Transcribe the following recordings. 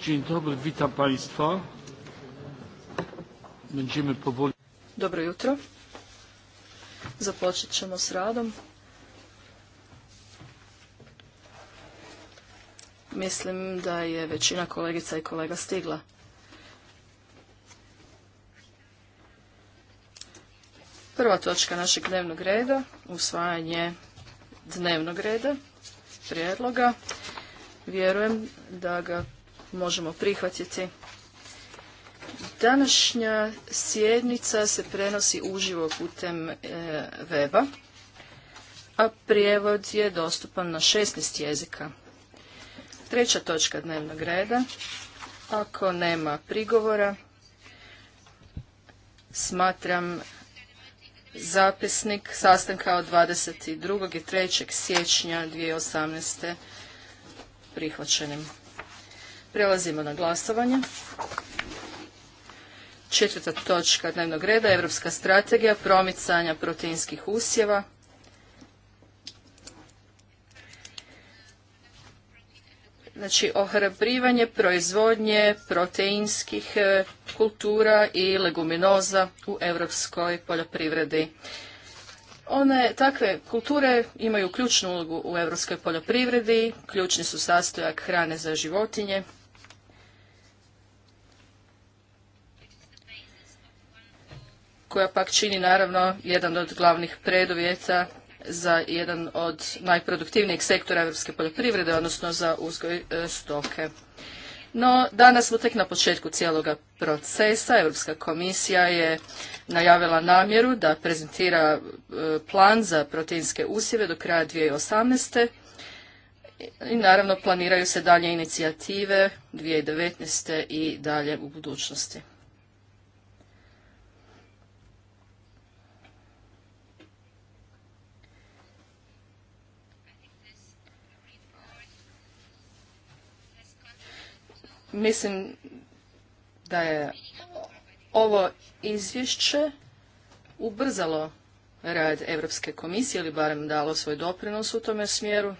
Dzień dobry, witam Państwa. Będziemy powoli... Dobro jutro. Započet ćemo s radom. Mislim da je većina kolegica i kolega stigla. Prva točka našeg dnevnog reda, usvajanje dnevnog reda, prijedloga. Vjerujem da ga možemo prihvatiti. Današnja sjednica se prenosi uživo putem e, weba, a prijevod je dostupan na 16 jezika. Treća točka dnevnog reda. Ako nema prigovora, smatram zapisnik sastanka od 22. i 3. siječnja 2018. prihvaćenim. Prelazimo na glasovanje. Četvrta točka dnevnog reda, Europska strategija promicanja proteinskih usjeva. znači ohrabrivanje proizvodnje proteinskih e, kultura i leguminoza u europskoj poljoprivredi. One takve kulture imaju ključnu ulogu u europskoj poljoprivredi, ključni su sastojak hrane za životinje. koja pak čini naravno jedan od glavnih preduvjeta za jedan od najproduktivnijih sektora europske poljoprivrede, odnosno za uzgoj e, stoke. No, danas smo tek na početku cijeloga procesa. Europska komisija je najavila namjeru da prezentira e, plan za proteinske usjeve do kraja 2018. I naravno planiraju se dalje inicijative 2019. i dalje u budućnosti. Mislim da je ovo izvješće ubrzalo rad Europske komisije ili barem dalo svoj doprinos u tome smjeru.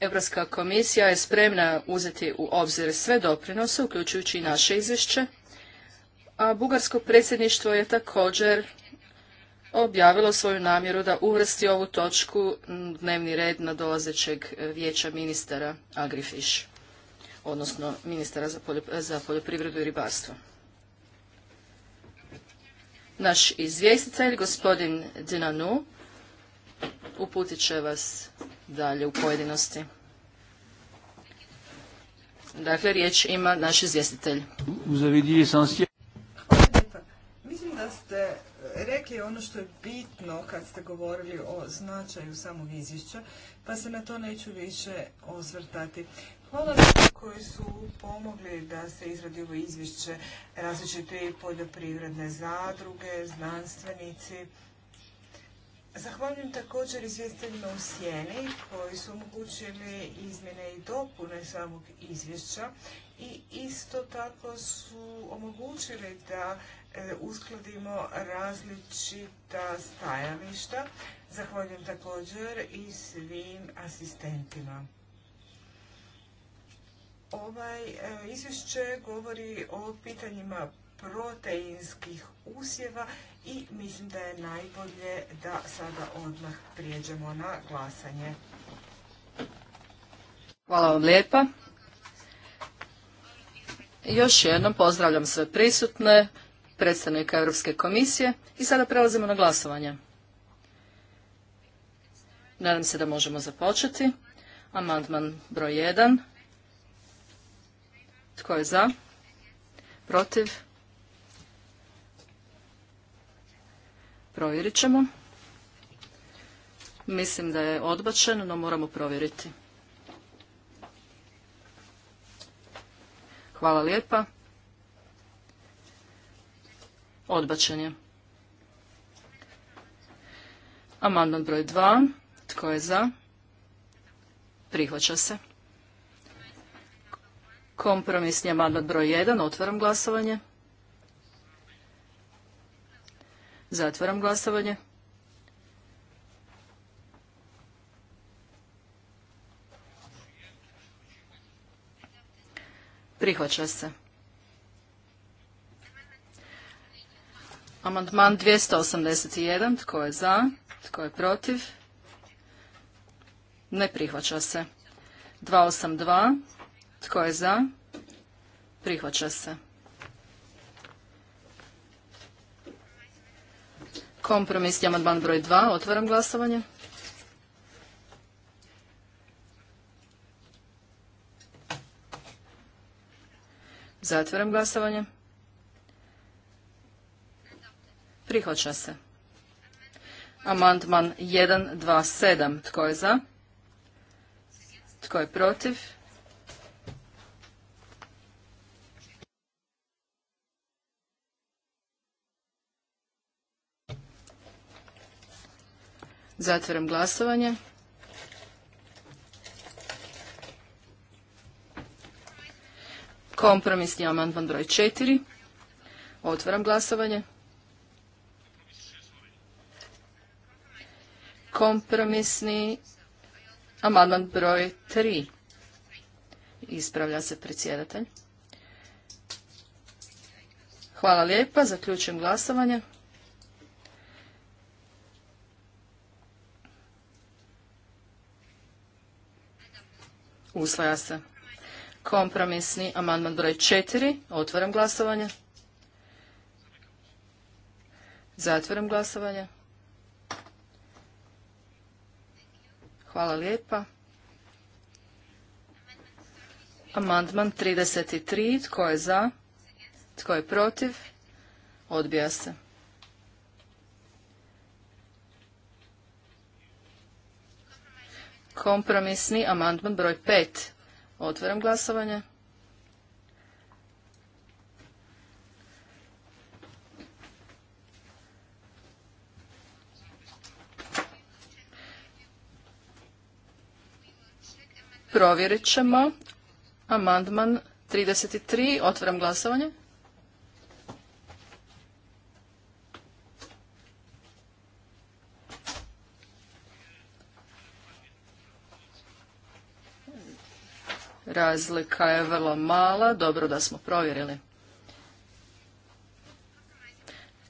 Europska komisija je spremna uzeti u obzir sve doprinose, uključujući i naše izvješće, a bugarsko predsjedništvo je također objavilo svoju namjeru da uvrsti ovu točku dnevni red dolazećeg vijeća ministara Agrifiša odnosno ministara za poljoprivredu i ribarstvo. Naš izvjestitelj, gospodin Dinanu, uputit će vas dalje u pojedinosti. Dakle, riječ ima naš izvjestitelj. Mislim da ste rekli ono što je bitno kad ste govorili o značaju samog izvješća, pa se na to neću više osvrtati. Hvala koji su pomogli da se izradi ovo izvješće različite poljoprivredne zadruge, znanstvenici. Zahvaljujem također izvjestiteljima u Sjeni koji su omogućili izmjene i dopune samog izvješća i isto tako su omogućili da e, uskladimo različita stajališta. Zahvaljujem također i svim asistentima. Ovaj e, izvješće govori o pitanjima proteinskih usjeva i mislim da je najbolje da sada odmah prijeđemo na glasanje. Hvala vam lijepa. Još jednom pozdravljam sve prisutne, predstavnika Europske komisije i sada prelazimo na glasovanje. Nadam se da možemo započeti. Amandman broj 1. Tko je za? Protiv? Provjerit ćemo. Mislim da je odbačen, no moramo provjeriti. Hvala lijepa. Odbačen je. Amandman broj 2. Tko je za? Prihvaća se. Kompromisni amandman broj 1. Otvaram glasovanje. Zatvaram glasovanje. Prihvaća se. Amandman 281. Tko je za? Tko je protiv? Ne prihvaća se. 282. Tko je za? Prihvaća se. Kompromisni amandman broj 2. Otvaram glasovanje. Zatvaram glasovanje. Prihvaća se. Amandman 127. Tko je za? Tko je protiv? Zatvaram glasovanje. Kompromisni amandman broj 4. Otvaram glasovanje. Kompromisni amandman broj 3. Ispravlja se predsjedatelj. Hvala lijepa. Zaključujem glasovanje. Usvaja se. Kompromisni amandman broj četiri. Otvaram glasovanje. Zatvaram glasovanje. Hvala lijepa. Amandman 33. Tko je za? Tko je protiv? Odbija se. Kompromisni amandman broj 5. Otvaram glasovanje. Provjerit ćemo amandman 33. Otvaram glasovanje. razlika je vrlo mala, dobro da smo provjerili.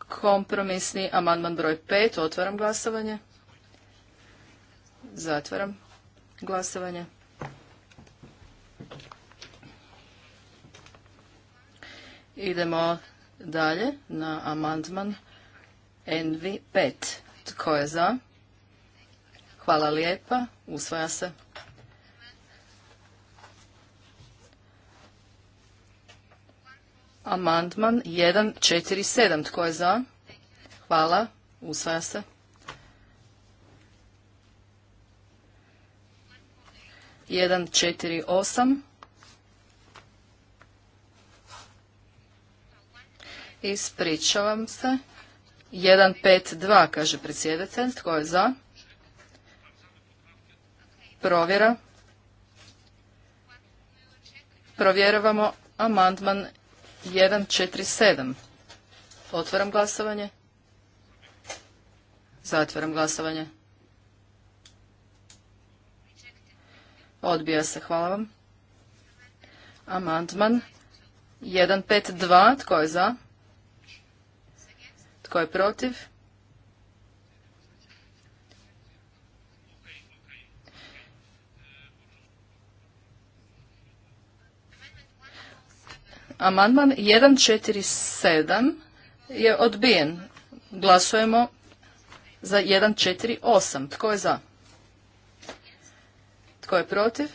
Kompromisni amandman broj 5, otvaram glasovanje. Zatvaram glasovanje. Idemo dalje na amandman NV5. Tko je za? Hvala lijepa. Usvaja se. Amandman 147. Tko je za? Hvala. Usvaja se. Jedan, četiri, osam. Ispričavam se. Jedan, pet, dva, kaže predsjedatelj. Tko je za? Provjera. Provjeravamo amandman 147. Otvaram glasovanje. Zatvaram glasovanje. Odbija se, hvala vam. Amandman 152, tko je za? Tko je protiv? Amandman 147 je odbijen. Glasujemo za 148. Tko je za? Tko je protiv?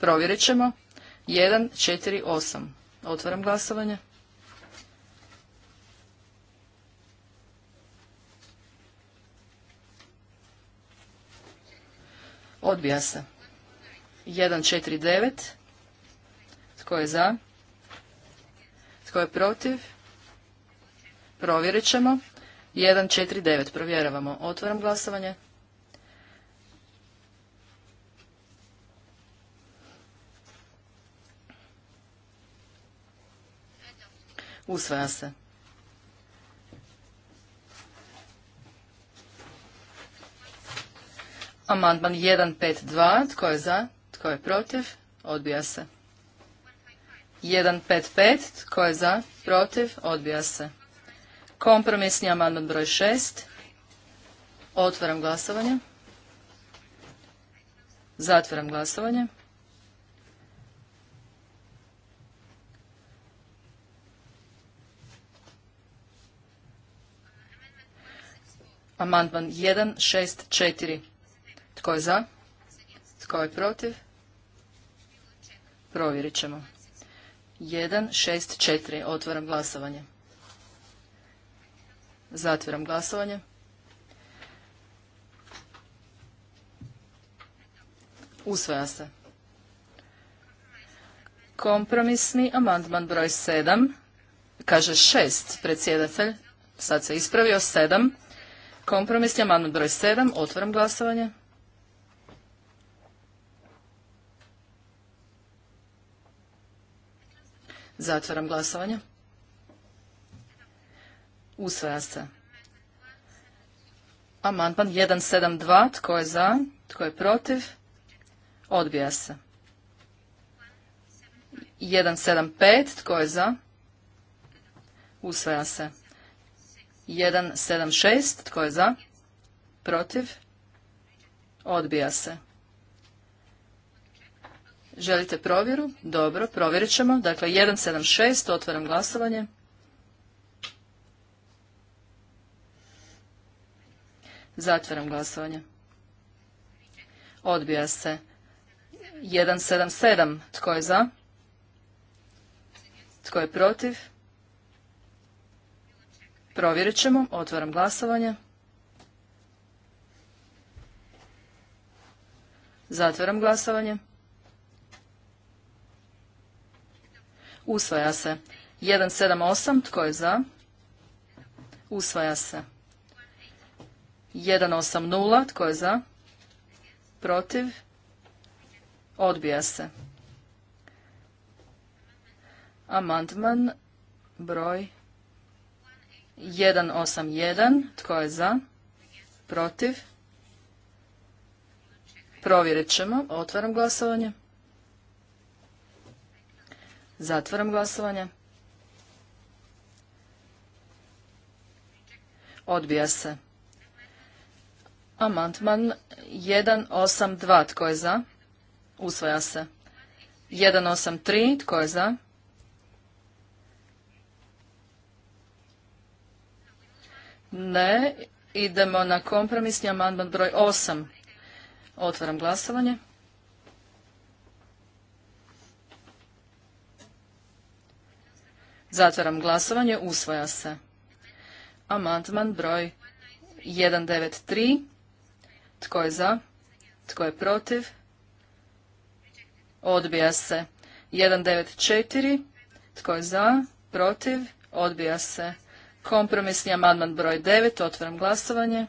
Provjerit ćemo. 148. Otvaram glasovanje. Odbija se. 149. Tko je za? Tko je protiv? Provjerit ćemo. 1, 4, 9. Provjeravamo. Otvoram glasovanje. Usvaja se. Amandman 1, 5, 2. Tko je za? Tko je protiv? Odbija se. 155. Tko je za? Protiv? Odbija se. Kompromisni amandman broj 6. Otvaram glasovanje. Zatvaram glasovanje. Amandman 164. Tko je za? Tko je protiv? Provjerit ćemo. 164. Otvaram glasovanje. Zatvaram glasovanje. Usvaja se. Kompromisni amandman broj 7. Kaže 6 predsjedatelj. Sad se ispravio 7. Kompromisni amandman broj 7. Otvaram glasovanje. Zatvaram glasovanje. Usvaja se. Amandman 172. Tko je za? Tko je protiv? Odbija se. 175. Tko je za? Usvaja se. 176. Tko je za? Protiv? Odbija se. Želite provjeru? Dobro, provjerit ćemo. Dakle, 176, otvaram glasovanje. Zatvaram glasovanje. Odbija se. 177, tko je za? Tko je protiv? Provjerit ćemo. Otvaram glasovanje. Zatvaram glasovanje. Usvaja se. 178. Tko je za? Usvaja se. 180. Tko je za? Protiv? Odbija se. Amandman broj 181. Tko je za? Protiv? Provjerit ćemo. Otvaram glasovanje. Zatvaram glasovanje. Odbija se. Amantman 182. Tko je za? Usvaja se. 183. Tko je za? Ne. Idemo na kompromisni amandman broj 8. Otvaram glasovanje. Zatvaram glasovanje. Usvaja se. Amandman broj 193. Tko je za? Tko je protiv? Odbija se. 194. Tko je za? Protiv? Odbija se. Kompromisni amandman broj 9. Otvaram glasovanje.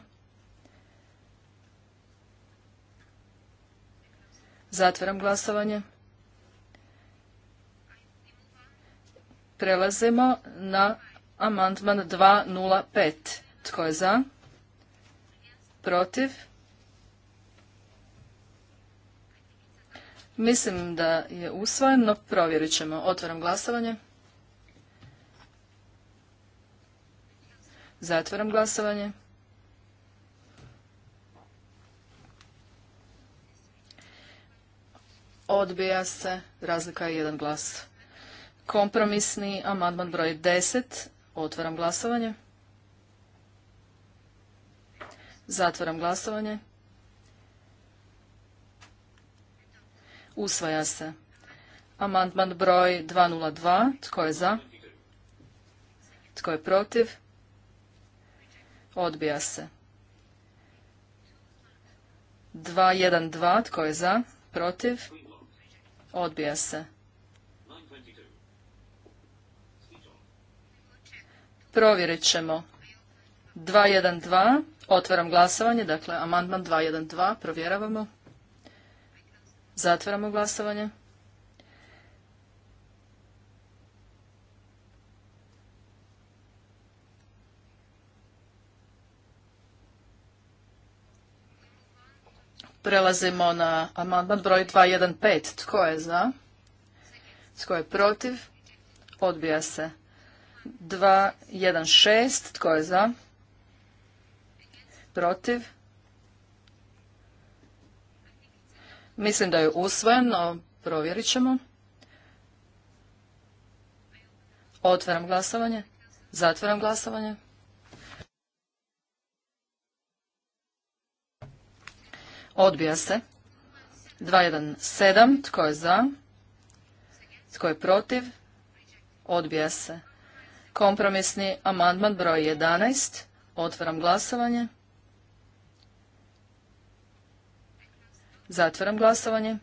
Zatvaram glasovanje. Prelazimo na amandman 205. Tko je za? Protiv? Mislim da je no Provjerit ćemo. Otvaram glasovanje. Zatvaram glasovanje. Odbija se. Razlika jedan glas. Kompromisni amandman broj 10. Otvaram glasovanje. Zatvaram glasovanje. Usvaja se. Amandman broj 202. Tko je za? Tko je protiv? Odbija se. 212. Tko je za? Protiv? Odbija se. Provjerit ćemo. 212. Otvaram glasovanje. Dakle, amandman 212. Provjeravamo. Zatvaramo glasovanje. Prelazimo na amandman broj 215. Tko je za? Tko je protiv? Odbija se. 216. Tko je za? Protiv? Mislim da je usvojen, no provjerit ćemo. Otvaram glasovanje. Zatvaram glasovanje. Odbija se. 217. Tko je za? Tko je protiv? Odbija se. Kompromisni amandman broj 11. Otvaram glasovanje. Zatvaram glasovanje.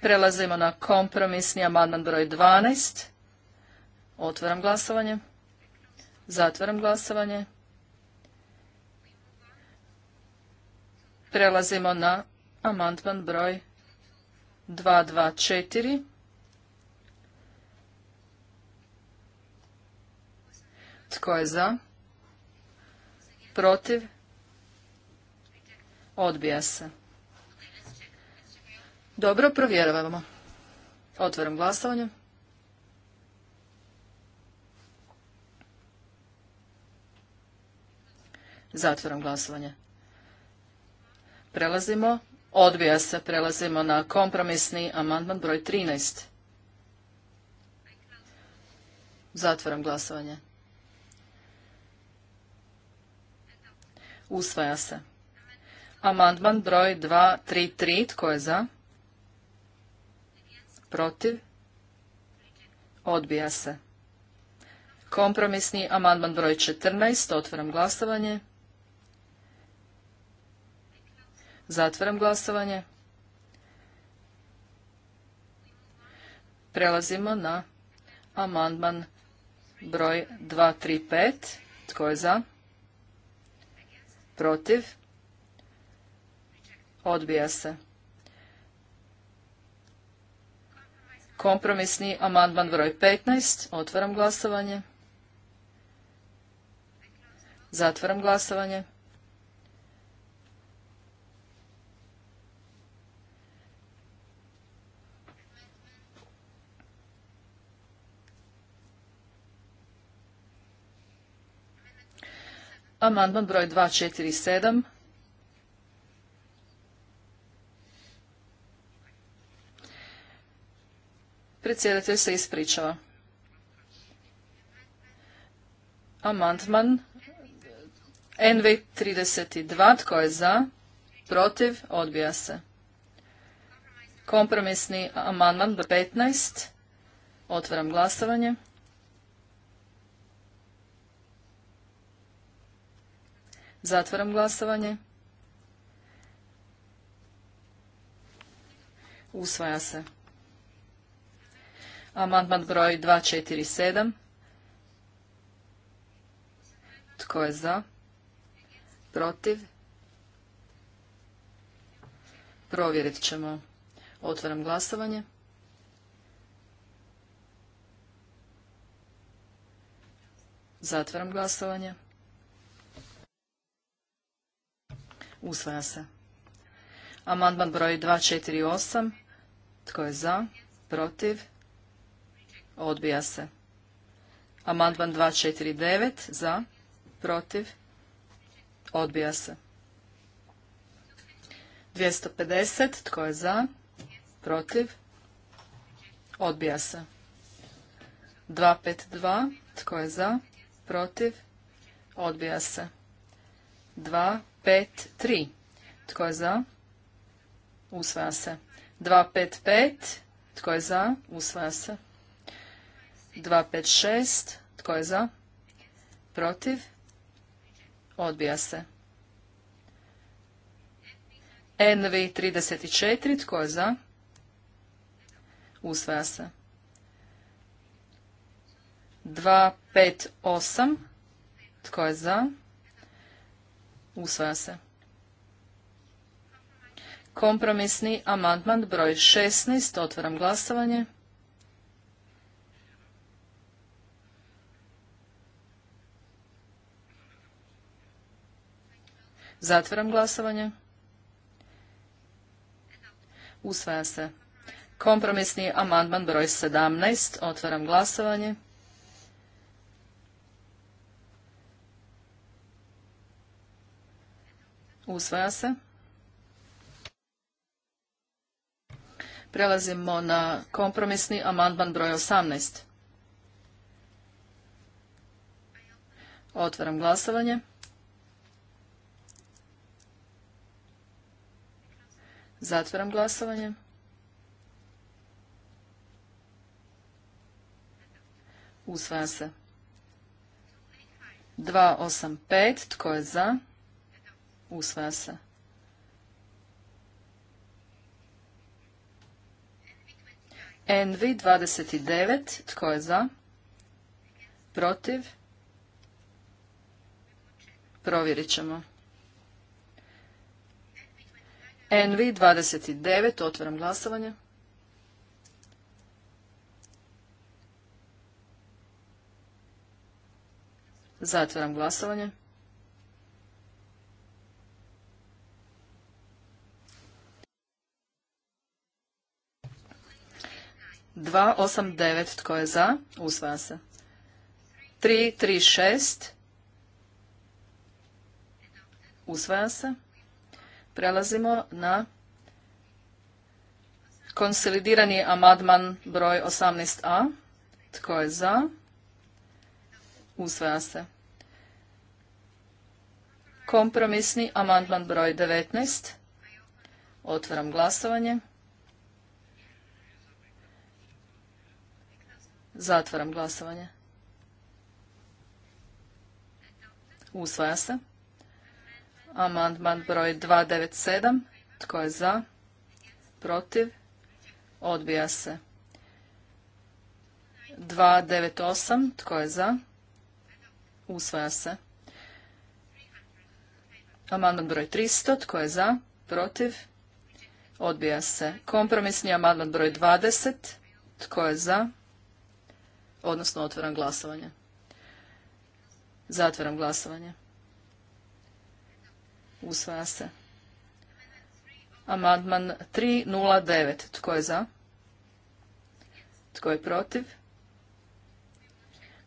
Prelazimo na kompromisni amandman broj 12. Otvaram glasovanje. Zatvaram glasovanje. Prelazimo na amandman broj 224. Tko je za? Protiv? Odbija se. Dobro, provjeravamo. Otvaram glasovanje. Zatvaram glasovanje. Prelazimo Odbija se. Prelazimo na kompromisni amandman broj 13. Zatvaram glasovanje. Usvaja se. Amandman broj 233. Tko je za? Protiv? Odbija se. Kompromisni amandman broj 14. Otvaram glasovanje. Zatvaram glasovanje. Prelazimo na amandman broj 235. Tko je za? Protiv? Odbija se. Kompromisni amandman broj 15. Otvaram glasovanje. Zatvaram glasovanje. Amandman broj 247. Predsjedatelj se ispričava. Amandman NV 32. Tko je za? Protiv? Odbija se. Kompromisni amandman 15. Otvaram glasovanje. Zatvaram glasovanje. Usvaja se. Amandman broj 247. Tko je za? Protiv? Provjerit ćemo. Otvaram glasovanje. Zatvaram glasovanje. Usvaja se. Amandman broj 248. Tko je za? Protiv? Odbija se. Amandman 249. Za? Protiv? Odbija se. 250. Tko je za? Protiv? Odbija se. 252. Tko je za? Protiv? Odbija se. 2, 253. Tko je za? Usvaja se. 255. Tko je za? Usvaja se. 256. Tko je za? Protiv? Odbija se. NV 34. Tko je za? Usvaja se. 258. Tko je za? Usvaja se. Kompromisni amandman broj 16. Otvaram glasovanje. Zatvaram glasovanje. Usvaja se. Kompromisni amandman broj 17. Otvaram glasovanje. Usvaja se. Prelazimo na kompromisni amandman broj 18. Otvaram glasovanje. Zatvaram glasovanje. Usvaja se. 285. Tko je za? usvaja se. Envi 29, tko je za? Protiv? Provjerit ćemo. Envi 29, otvaram glasovanje. Zatvaram glasovanje. 289. Tko je za? Usvaja se. 336. Usvaja se. Prelazimo na konsolidirani amadman broj 18a. Tko je za? Usvaja se. Kompromisni amandman broj 19. Otvaram glasovanje. Zatvaram glasovanje. Usvaja se. Amandman broj 297. Tko je za? Protiv? Odbija se. 298. Tko je za? Usvaja se. Amandman broj 300. Tko je za? Protiv? Odbija se. Kompromisni amandman broj 20. Tko je za? odnosno otvaram glasovanje. Zatvaram glasovanje. Usvaja se. Amandman 309. Tko je za? Tko je protiv?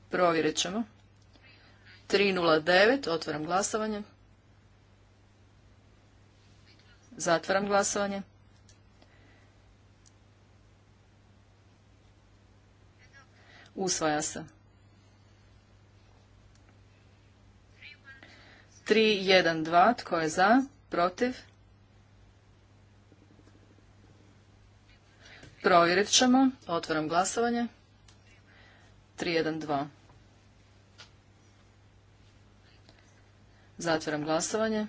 Provjerit ćemo. 309. Otvaram glasovanje. Zatvaram glasovanje. usvaja se. 3-1-2, tko je za, protiv? Provjerit ćemo, otvoram glasovanje. 3-1-2. Zatvoram glasovanje.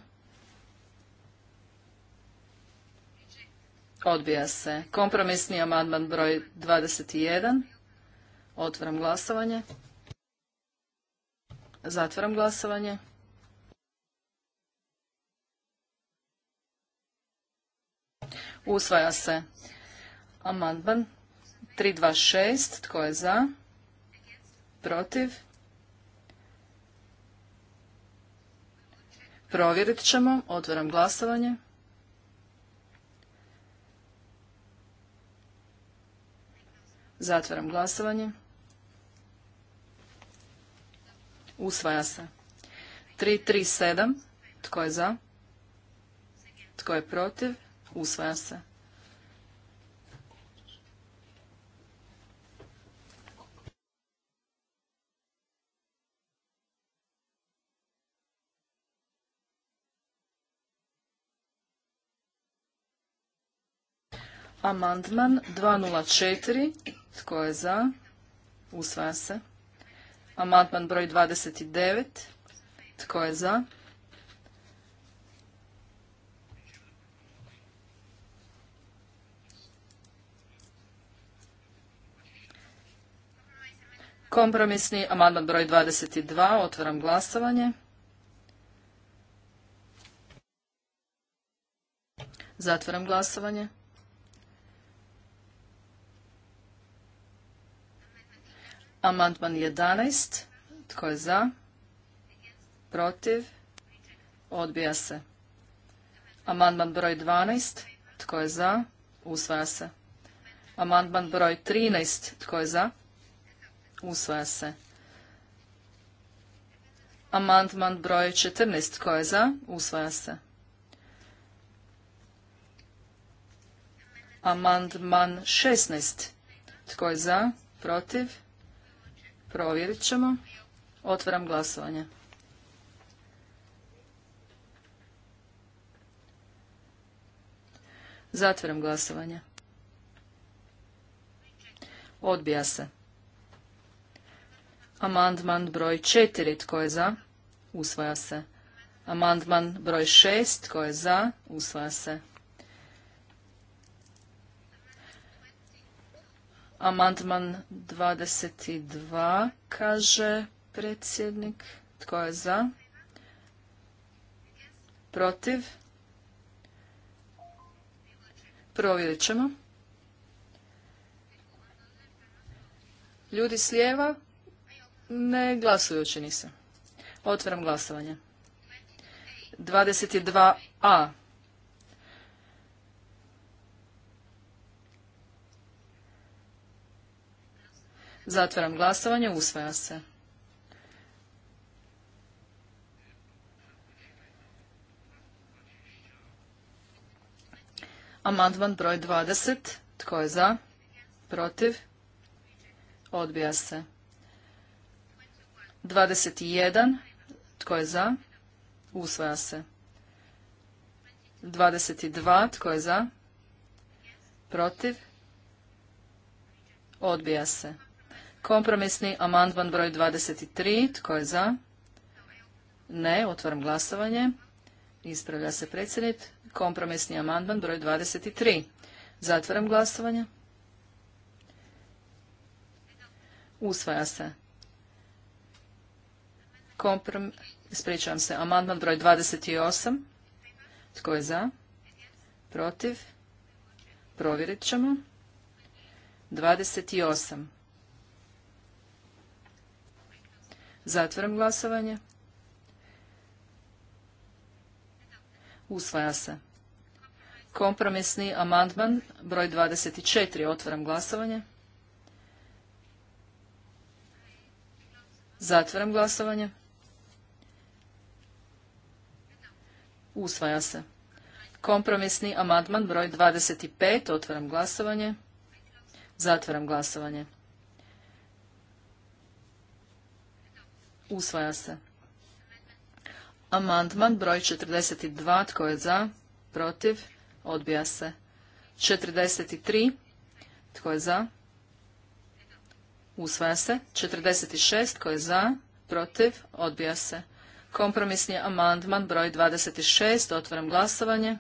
Odbija se kompromisni amandman broj 21. 3-1-2. Otvaram glasovanje. Zatvaram glasovanje. Usvaja se amandman 326. Tko je za? Protiv? Provjerit ćemo. Otvaram glasovanje. Zatvaram glasovanje. Usvaja se. 337. Tko je za? Tko je protiv? Usvaja se. Amandman 204. Tko je za? Usvaja se. Amandman broj 29. Tko je za? Kompromisni amandman broj 22. Otvaram glasovanje. Zatvaram glasovanje. Amandman 11. Tko je za? Protiv? Odbija se. Amandman broj 12. Tko je za? Usvaja se. Amandman broj 13. Tko je za? Usvaja se. Amandman broj 14. Tko je za? Usvaja se. Amandman 16. Tko je za? Protiv? Provjerit ćemo. Otvaram glasovanje. Zatvaram glasovanje. Odbija se. Amandman broj 4. Tko je za? Usvaja se. Amandman broj 6. Tko je za? Usvaja se. Amandman 22 kaže predsjednik. Tko je za? Protiv? Provjerit ćemo. Ljudi s lijeva ne glasujući nisam. Otvaram glasovanje. 22a. Zatvaram glasovanje. Usvaja se. Amandman broj 20. Tko je za? Protiv? Odbija se. 21. Tko je za? Usvaja se. 22. Tko je za? Protiv? Odbija se. Kompromisni amandman broj 23. Tko je za? Ne. Otvaram glasovanje. Ispravlja se predsjednik. Kompromisni amandman broj 23. Zatvaram glasovanje. Usvaja se. Komprom... Ispričavam se. Amandman broj 28. Tko je za? Protiv? Provjerit ćemo. 28. Zatvaram glasovanje. Usvaja se. Kompromisni amandman broj 24. Otvaram glasovanje. Zatvaram glasovanje. Usvaja se. Kompromisni amandman broj 25. Otvaram glasovanje. Zatvaram glasovanje. Usvaja se. Amandman broj 42. Tko je za? Protiv? Odbija se. 43. Tko je za? Usvaja se. 46. Tko je za? Protiv? Odbija se. Kompromisni amandman broj 26. Otvaram glasovanje.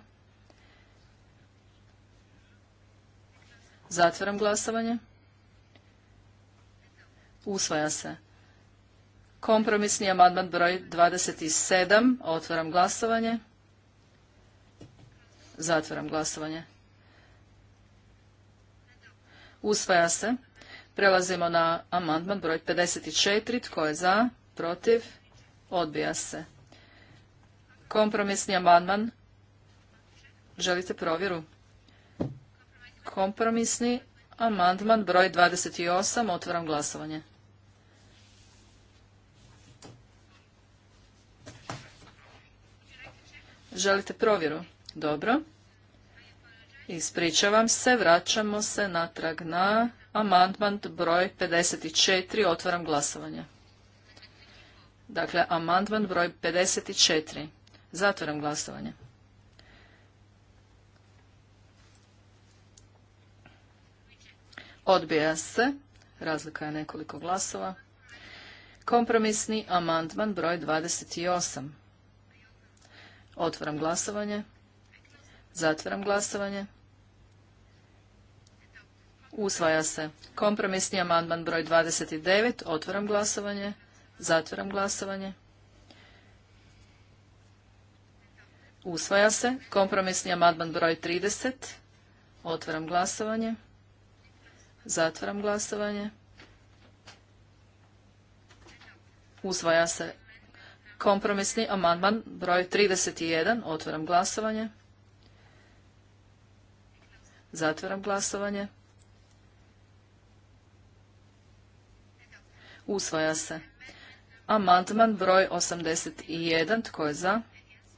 Zatvaram glasovanje. Usvaja se. Kompromisni amandman broj 27. Otvaram glasovanje. Zatvaram glasovanje. Usvaja se. Prelazimo na amandman broj 54. Tko je za? Protiv? Odbija se. Kompromisni amandman. Želite provjeru? Kompromisni amandman broj 28. Otvaram glasovanje. Želite provjeru? Dobro. Ispričavam se, vraćamo se natrag na amandman broj 54, otvaram glasovanje. Dakle, amandman broj 54, zatvaram glasovanje. Odbija se, razlika je nekoliko glasova. Kompromisni amandman broj 28. Otvaram glasovanje. Zatvaram glasovanje. Usvaja se. Kompromisni amandman broj 29. Otvaram glasovanje. Zatvaram glasovanje. Usvaja se. Kompromisni amandman broj 30. Otvaram glasovanje. Zatvaram glasovanje. Usvaja se. Kompromisni amandman broj 31. Otvaram glasovanje. Zatvaram glasovanje. Usvaja se. Amandman broj 81. Tko je za?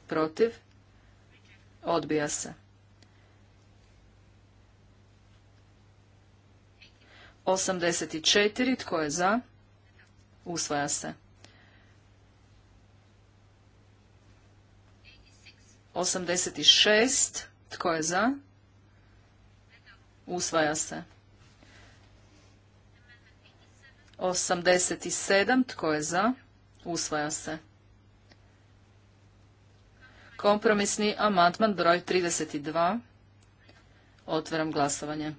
Protiv? Odbija se. 84. Tko je za? Usvaja se. 86. Tko je za? Usvaja se. 87. Tko je za? Usvaja se. Kompromisni amandman broj 32. Otvaram glasovanje.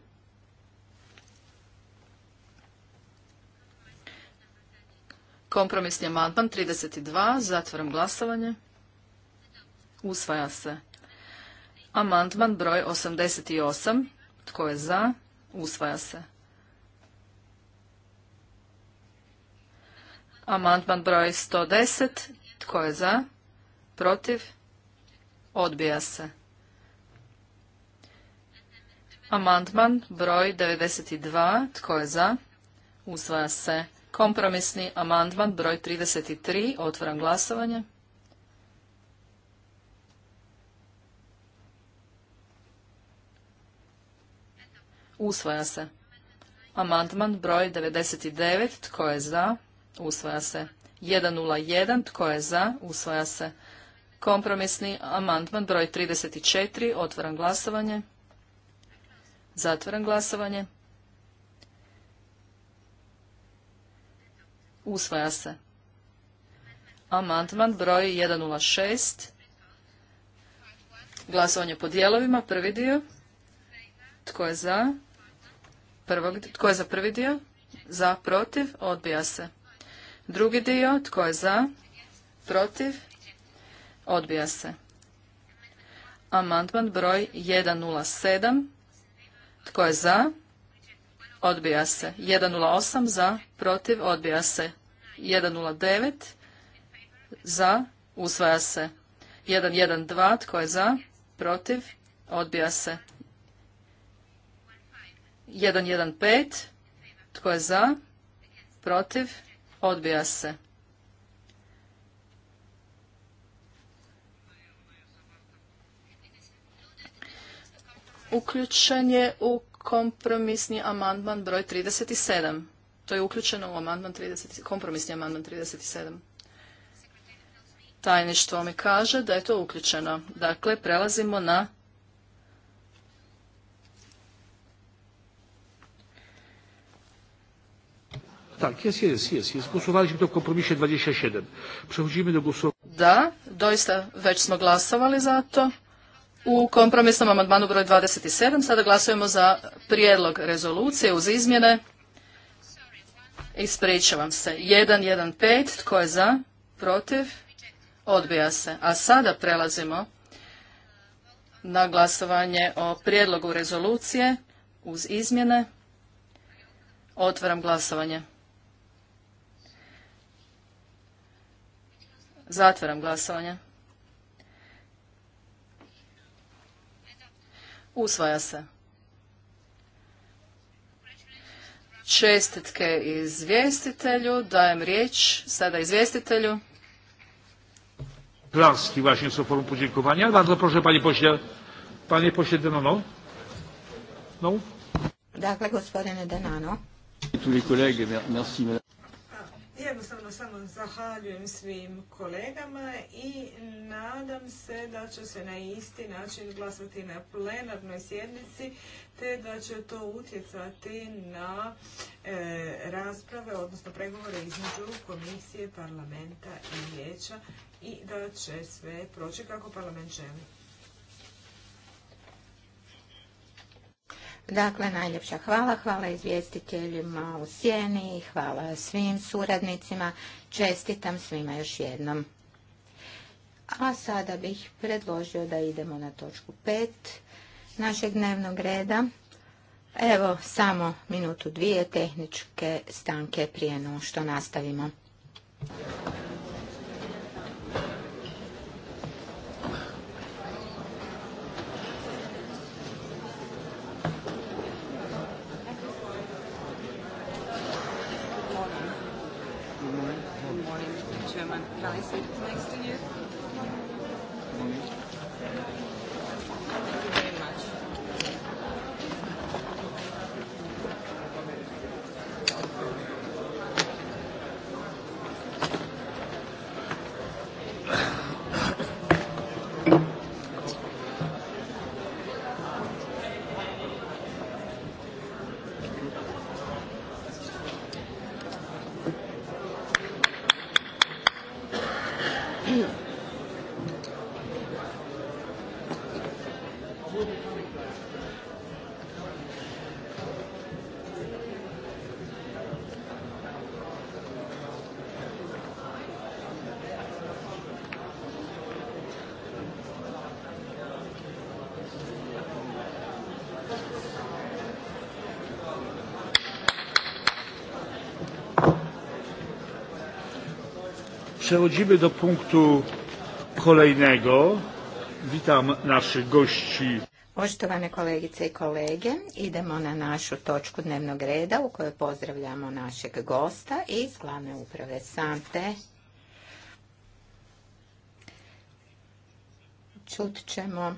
Kompromisni amandman 32. Zatvaram glasovanje. Usvaja se. Amandman broj 88. Tko je za? Usvaja se. Amandman broj 110. Tko je za? Protiv? Odbija se. Amandman broj 92. Tko je za? Usvaja se. Kompromisni amandman broj 33. Otvaram glasovanje. Usvaja se. Amandman broj 99. Tko je za? Usvaja se. 101. Tko je za? Usvaja se. Kompromisni amandman broj 34. Otvaram glasovanje. Zatvaram glasovanje. Usvaja se. Amandman broj 106. Glasovanje po dijelovima. Prvi dio. Tko je za? Prvog, tko je za prvi dio? Za, protiv, odbija se. Drugi dio, tko je za? Protiv, odbija se. Amandman broj 107. Tko je za? Odbija se. 108 za, protiv, odbija se. 109 za, usvaja se. 112, tko je za? Protiv, odbija se. 115. Tko je za? Protiv? Odbija se. Uključen je u kompromisni amandman broj 37. To je uključeno u amandman 30, kompromisni amandman 37. Tajništvo mi kaže da je to uključeno. Dakle, prelazimo na Tak, Da, doista već smo glasovali za to. U kompromisnom amandmanu broj 27 sada glasujemo za prijedlog rezolucije uz izmjene. Ispričavam se. 1.1.5. Tko je za? Protiv? Odbija se. A sada prelazimo na glasovanje o prijedlogu rezolucije uz izmjene. Otvaram glasovanje. Zatvaram glasovanje. Usvaja se. Čestitke izvjestitelju. Dajem riječ sada izvjestitelju. Klaski właśnie są formą podziękowania. Bardzo proszę panie pośle, panie pośle Denano. No. Dakle, gospodine Denano. Tous les collègues, merci. Jednostavno samo zahvaljujem svim kolegama i nadam se da će se na isti način glasati na plenarnoj sjednici te da će to utjecati na e, rasprave, odnosno pregovore između komisije, parlamenta i vijeća i da će sve proći kako parlament želi. Dakle, najljepša hvala. Hvala izvjestiteljima u Sjeni, hvala svim suradnicima. Čestitam svima još jednom. A sada bih predložio da idemo na točku pet našeg dnevnog reda. Evo, samo minutu dvije tehničke stanke prije no što nastavimo. nice. Przechodzimy do punktu kolejnego. Witam naszych gości. Poštovane kolegice i kolege, idemo na našu točku dnevnog reda u kojoj pozdravljamo našeg gosta iz glavne uprave Sante. Čut ćemo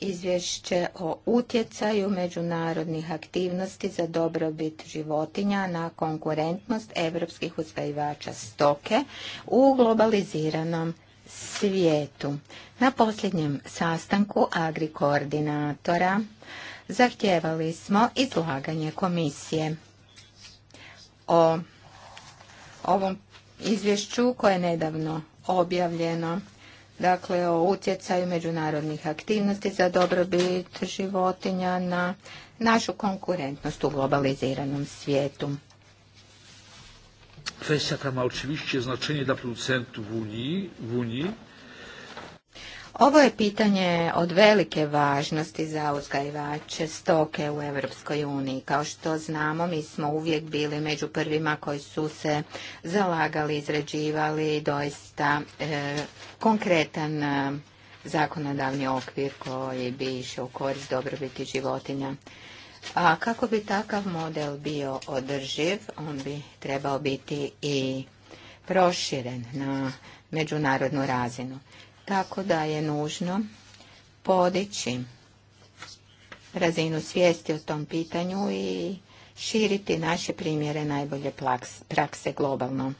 izvješće o utjecaju međunarodnih aktivnosti za dobrobit životinja na konkurentnost evropskih uzgajivača stoke u globaliziranom svijetu. Na posljednjem sastanku agrikoordinatora zahtjevali smo izlaganje komisije o ovom izvješću koje je nedavno objavljeno dakle o utjecaju međunarodnih aktivnosti za dobrobit životinja na našu konkurentnost u globaliziranom svijetu. Kwestia ta ma oczywiście znaczenie dla producentów w w Unii ovo je pitanje od velike važnosti za uzgajivače stoke u Europskoj uniji. Kao što znamo, mi smo uvijek bili među prvima koji su se zalagali, izrađivali doista e, konkretan e, zakonodavni okvir koji bi išao u korist dobrobiti životinja. A kako bi takav model bio održiv, on bi trebao biti i proširen na međunarodnu razinu. Tako da je nužno podići razinu svijesti o tom pitanju i širiti naše primjere najbolje prakse globalno.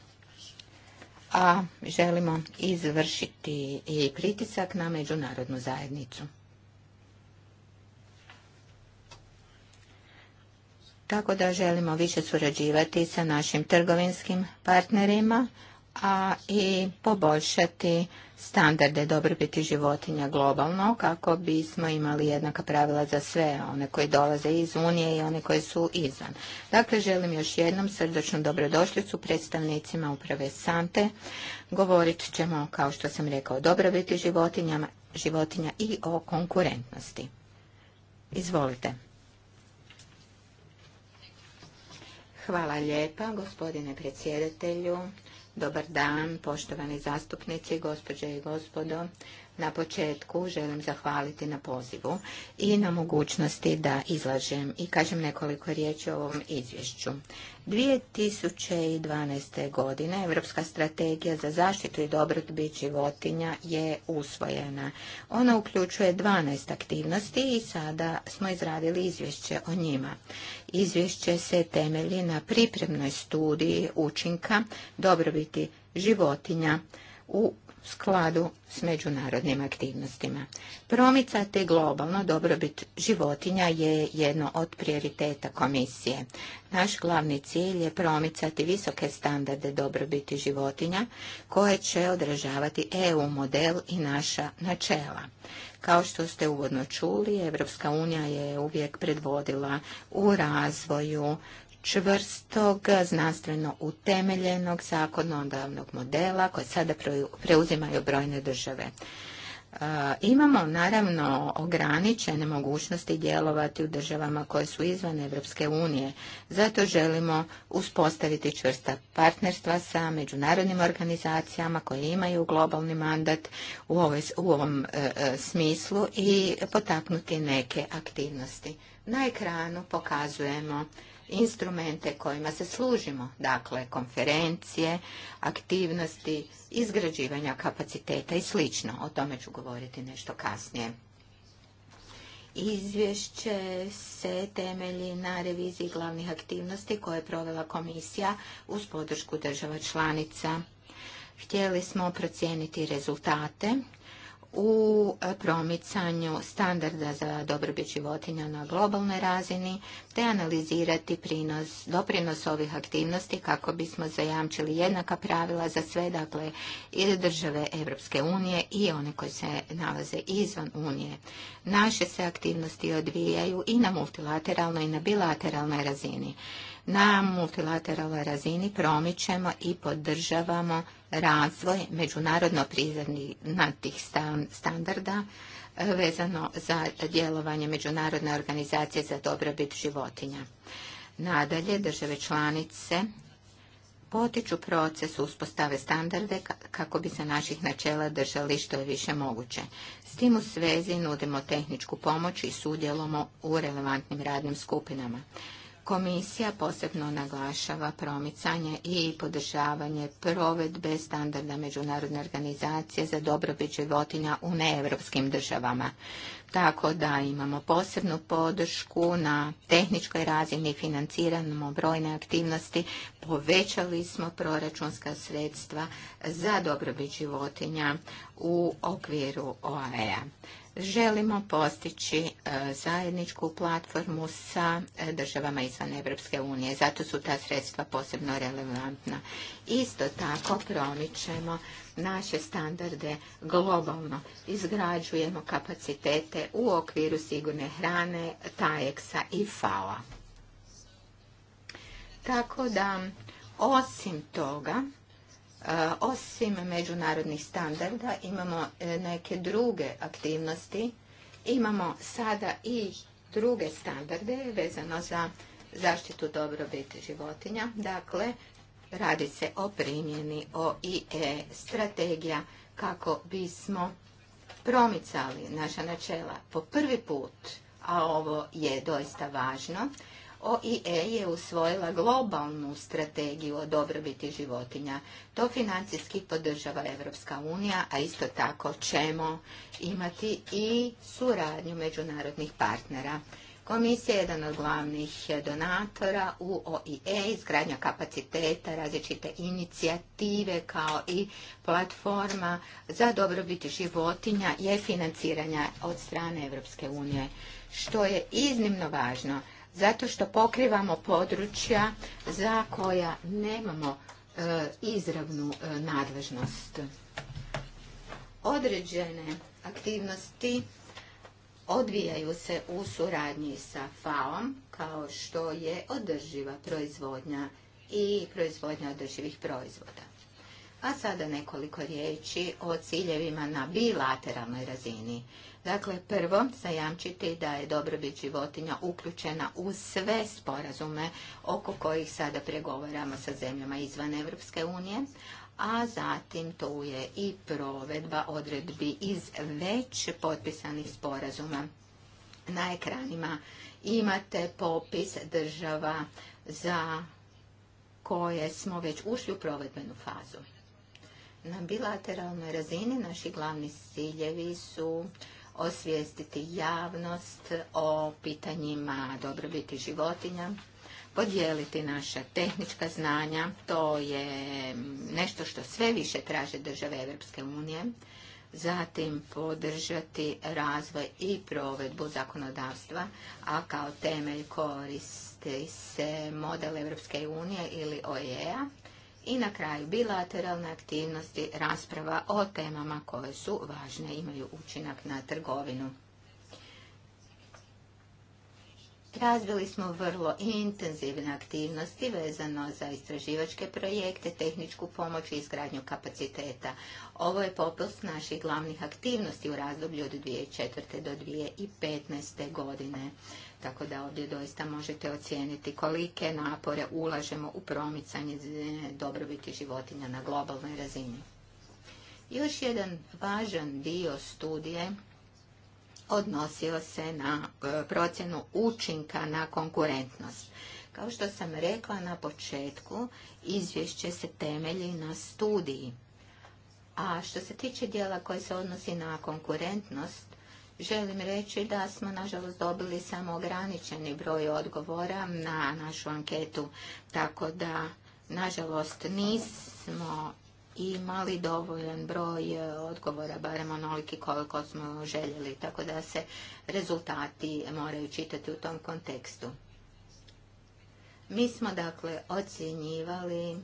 A želimo izvršiti i pritisak na međunarodnu zajednicu. Tako da želimo više surađivati sa našim trgovinskim partnerima a i poboljšati standarde dobrobiti životinja globalno kako bismo imali jednaka pravila za sve one koji dolaze iz Unije i one koji su izvan. Dakle, želim još jednom srdečnu dobrodošlicu predstavnicima uprave Sante. Govorit ćemo, kao što sam rekao, o dobrobiti životinja i o konkurentnosti. Izvolite. Hvala lijepa, gospodine predsjedatelju Dobar dan, poštovani zastupnici, gospođe i gospodo. Na početku želim zahvaliti na pozivu i na mogućnosti da izlažem i kažem nekoliko riječi o ovom izvješću. 2012. godine Europska strategija za zaštitu i dobrobit životinja je usvojena. Ona uključuje 12 aktivnosti i sada smo izradili izvješće o njima. Izvješće se temelji na pripremnoj studiji učinka dobrobiti životinja u skladu s međunarodnim aktivnostima. Promicati globalno dobrobit životinja je jedno od prioriteta komisije. Naš glavni cilj je promicati visoke standarde dobrobiti životinja koje će odražavati EU model i naša načela. Kao što ste uvodno čuli, Evropska unija je uvijek predvodila u razvoju čvrstog, znanstveno utemeljenog zakonodavnog modela koje sada preuzimaju brojne države. E, imamo naravno ograničene mogućnosti djelovati u državama koje su izvan Evropske unije. Zato želimo uspostaviti čvrsta partnerstva sa međunarodnim organizacijama koje imaju globalni mandat u, ovom e, e, smislu i potaknuti neke aktivnosti. Na ekranu pokazujemo instrumente kojima se služimo, dakle konferencije, aktivnosti, izgrađivanja kapaciteta i slično. O tome ću govoriti nešto kasnije. Izvješće se temelji na reviziji glavnih aktivnosti koje je provela komisija uz podršku država članica. Htjeli smo procijeniti rezultate u promicanju standarda za dobrobit životinja na globalnoj razini, te analizirati prinos, doprinos ovih aktivnosti kako bismo zajamčili jednaka pravila za sve, dakle, i države Europske unije i one koje se nalaze izvan unije. Naše se aktivnosti odvijaju i na multilateralnoj i na bilateralnoj razini na multilateralnoj razini promičemo i podržavamo razvoj međunarodno priznatih standarda e, vezano za djelovanje Međunarodne organizacije za dobrobit životinja. Nadalje, države članice potiču proces uspostave standarde kako bi se naših načela držali što je više moguće. S tim u svezi nudimo tehničku pomoć i sudjelujemo u relevantnim radnim skupinama. Komisija posebno naglašava promicanje i podržavanje provedbe standarda Međunarodne organizacije za dobrobit životinja u neevropskim državama. Tako da imamo posebnu podršku na tehničkoj razini, financiramo brojne aktivnosti, povećali smo proračunska sredstva za dobrobit životinja u okviru OAE-a želimo postići e, zajedničku platformu sa e, državama izvan Evropske unije. Zato su ta sredstva posebno relevantna. Isto tako promičemo naše standarde globalno. Izgrađujemo kapacitete u okviru sigurne hrane, TAEX-a i FAO-a. Tako da, osim toga, E, osim međunarodnih standarda imamo e, neke druge aktivnosti. Imamo sada i druge standarde vezano za zaštitu dobrobiti životinja. Dakle, radi se o primjeni OIE strategija kako bismo promicali naša načela po prvi put, a ovo je doista važno, OIE je usvojila globalnu strategiju o dobrobiti životinja. To financijski podržava Evropska unija, a isto tako ćemo imati i suradnju međunarodnih partnera. Komisija je jedan od glavnih donatora u OIE, izgradnja kapaciteta, različite inicijative kao i platforma za dobrobit životinja je financiranja od strane Europske unije, što je iznimno važno zato što pokrivamo područja za koja nemamo e, izravnu e, nadležnost. Određene aktivnosti odvijaju se u suradnji sa FAO-om kao što je održiva proizvodnja i proizvodnja održivih proizvoda. A sada nekoliko riječi o ciljevima na bilateralnoj razini. Dakle, prvo, zajamčiti da je dobrobit životinja uključena u sve sporazume oko kojih sada pregovaramo sa zemljama izvan Evropske unije, a zatim tu je i provedba odredbi iz već potpisanih sporazuma. Na ekranima imate popis država za koje smo već ušli u provedbenu fazu. Na bilateralnoj razini naši glavni ciljevi su osvijestiti javnost o pitanjima dobrobiti životinja, podijeliti naša tehnička znanja. To je nešto što sve više traže države Europske unije. Zatim podržati razvoj i provedbu zakonodavstva, a kao temelj koristi se model Europske unije ili OEA i na kraju bilateralne aktivnosti, rasprava o temama koje su važne, imaju učinak na trgovinu. Razvili smo vrlo intenzivne aktivnosti vezano za istraživačke projekte, tehničku pomoć i izgradnju kapaciteta. Ovo je popis naših glavnih aktivnosti u razdoblju od 2004. do 2015. godine. Tako da ovdje doista možete ocijeniti kolike napore ulažemo u promicanje dobrobiti životinja na globalnoj razini. Još jedan važan dio studije odnosio se na e, procjenu učinka na konkurentnost. Kao što sam rekla na početku, izvješće se temelji na studiji. A što se tiče dijela koje se odnosi na konkurentnost, želim reći da smo nažalost dobili samo ograničeni broj odgovora na našu anketu, tako da nažalost nismo imali dovoljan broj e, odgovora, barem onoliki koliko smo željeli, tako da se rezultati moraju čitati u tom kontekstu. Mi smo dakle ocjenjivali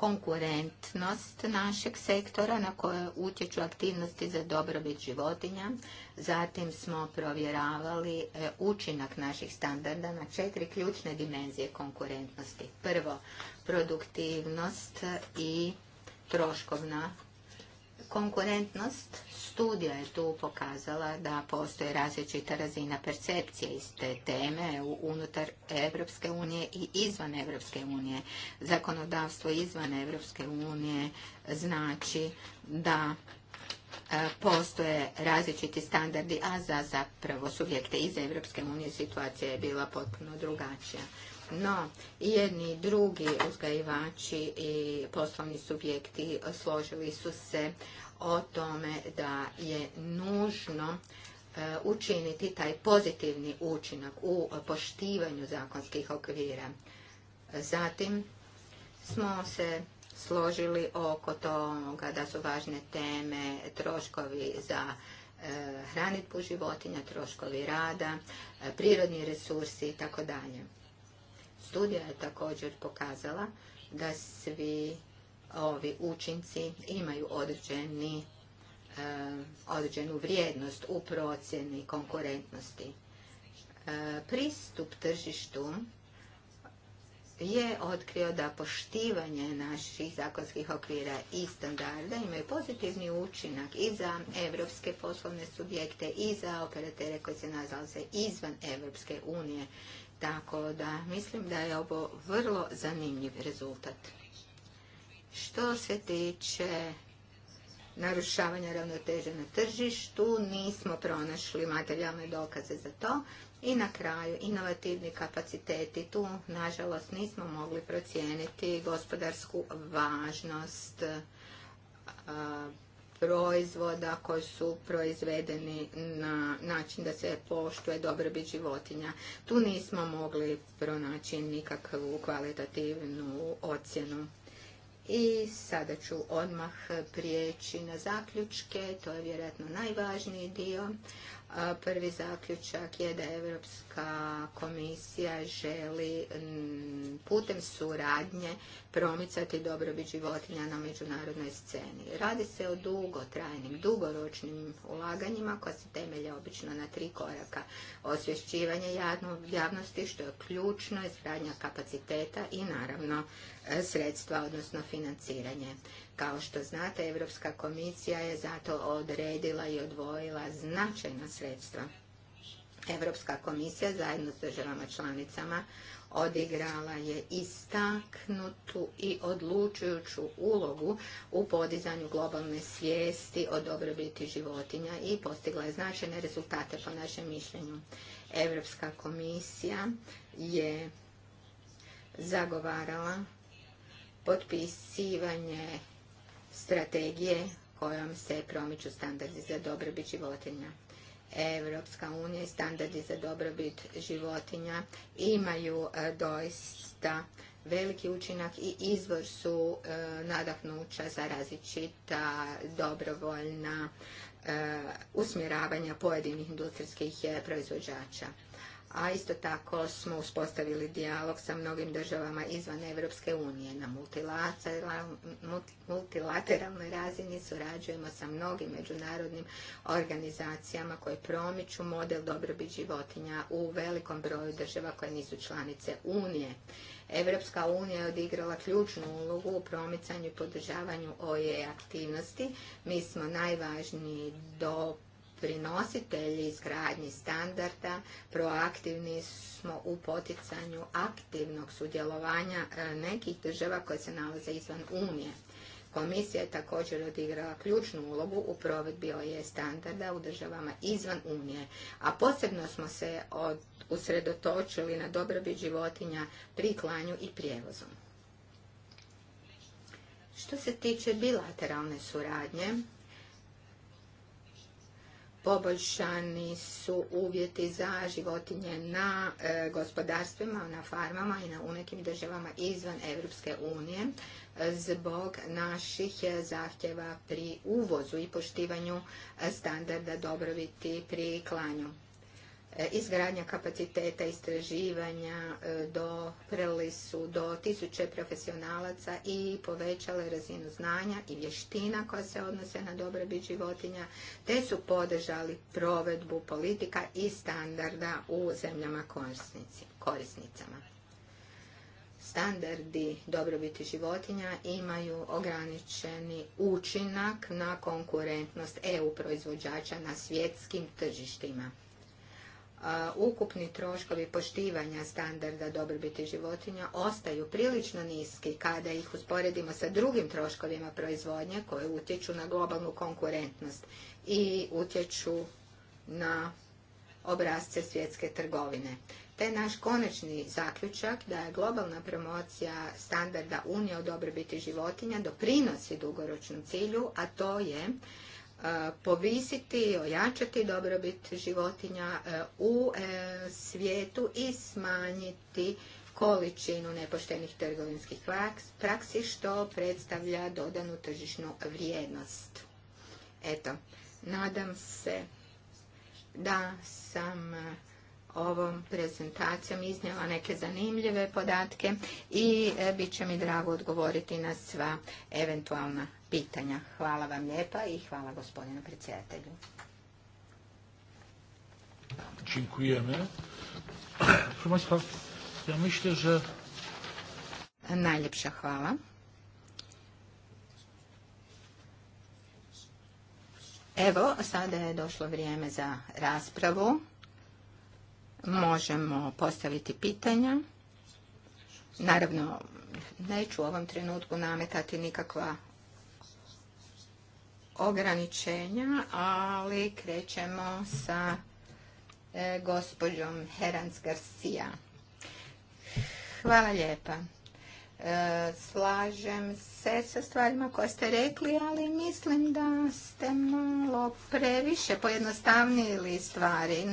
konkurentnost našeg sektora na koje utječu aktivnosti za dobrobit životinja. Zatim smo provjeravali e, učinak naših standarda na četiri ključne dimenzije konkurentnosti. Prvo, produktivnost i troškovna konkurentnost studija je tu pokazala da postoje različita razina percepcije iste teme unutar Evropske unije i izvan Evropske unije. Zakonodavstvo izvan Evropske unije znači da e, postoje različiti standardi, a za zapravo subjekte iz Evropske unije situacija je bila potpuno drugačija. No, jedni i drugi uzgajivači i poslovni subjekti složili su se o tome da je nužno e, učiniti taj pozitivni učinak u poštivanju zakonskih okvira. Zatim smo se složili oko toga da su važne teme troškovi za e, hranitbu životinja, troškovi rada, e, prirodni resursi i tako dalje. Studija je također pokazala da svi ovi učinci imaju e, određenu vrijednost u procjeni konkurentnosti. E, pristup tržištu je otkrio da poštivanje naših zakonskih okvira i standarda imaju pozitivni učinak i za evropske poslovne subjekte i za operatere koji se nalaze izvan Evropske unije. Tako da mislim da je ovo vrlo zanimljiv rezultat. Što se tiče narušavanja ravnoteže na tržištu, nismo pronašli materijalne dokaze za to. I na kraju, inovativni kapaciteti. Tu, nažalost, nismo mogli procijeniti gospodarsku važnost proizvoda koji su proizvedeni na način da se poštuje dobrobit životinja. Tu nismo mogli pronaći nikakvu kvalitativnu ocjenu. I sada ću odmah prijeći na zaključke, to je vjerojatno najvažniji dio. Prvi zaključak je da Europska komisija želi mm, putem suradnje promicati dobrobit životinja na međunarodnoj sceni. Radi se o dugotrajnim, dugoročnim ulaganjima koja se temelje obično na tri koraka. Osvješćivanje javnosti što je ključno, izgradnja kapaciteta i naravno e, sredstva, odnosno financiranje. Kao što znate, Europska komisija je zato odredila i odvojila značajna sredstva. Europska komisija zajedno s državama članicama odigrala je istaknutu i odlučujuću ulogu u podizanju globalne svijesti o dobrobiti životinja i postigla je značajne rezultate po našem mišljenju. Europska komisija je zagovarala potpisivanje strategije kojom se promiču standardi za dobrobit životinja. Evropska unija i standardi za dobrobit životinja imaju e, doista veliki učinak i izvor su e, nadahnuća za različita dobrovoljna e, usmjeravanja pojedinih industrijskih proizvođača a isto tako smo uspostavili dijalog sa mnogim državama izvan Europske unije. Na multilateralnoj razini surađujemo sa mnogim međunarodnim organizacijama koje promiču model dobrobit životinja u velikom broju država koje nisu članice Unije. Evropska unija je odigrala ključnu ulogu u promicanju i podržavanju oje aktivnosti. Mi smo najvažniji do prinositelji izgradnji standarda, proaktivni smo u poticanju aktivnog sudjelovanja e, nekih država koje se nalaze izvan Unije. Komisija je također odigrala ključnu ulogu u provedbi OE standarda u državama izvan Unije, a posebno smo se usredotočili na dobrobit životinja pri klanju i prijevozu. Što se tiče bilateralne suradnje, poboljšani su uvjeti za životinje na e, gospodarstvima, na farmama i na u nekim državama izvan Europske unije e, zbog naših zahtjeva pri uvozu i poštivanju e, standarda dobrobiti pri klanju. E, izgradnja kapaciteta istraživanja e, doprli su do tisuće profesionalaca i povećale razinu znanja i vještina koja se odnose na dobrobit životinja, te su podržali provedbu politika i standarda u zemljama korisnicama standardi dobrobiti životinja imaju ograničeni učinak na konkurentnost EU proizvođača na svjetskim tržištima ukupni troškovi poštivanja standarda dobrobiti životinja ostaju prilično niski kada ih usporedimo sa drugim troškovima proizvodnje koje utječu na globalnu konkurentnost i utječu na obrazce svjetske trgovine. Te naš konačni zaključak da je globalna promocija standarda Unije o dobrobiti životinja doprinosi dugoročnom cilju, a to je povisiti, i ojačati dobrobit životinja e, u e, svijetu i smanjiti količinu nepoštenih trgovinskih praksi što predstavlja dodanu tržišnu vrijednost. Eto, nadam se da sam e, ovom prezentacijom iznijela neke zanimljive podatke i bit će mi drago odgovoriti na sva eventualna pitanja. Hvala vam lijepa i hvala gospodinu predsjedatelju. Dziękujemy. ja Evo, sada je došlo vrijeme za raspravu. Možemo postaviti pitanja. Naravno, neću u ovom trenutku nametati nikakva ograničenja, ali krećemo sa e, gospođom Herans Garcia. Hvala lijepa. E, slažem se sa stvarima koje ste rekli, ali mislim da ste malo previše pojednostavnili stvari.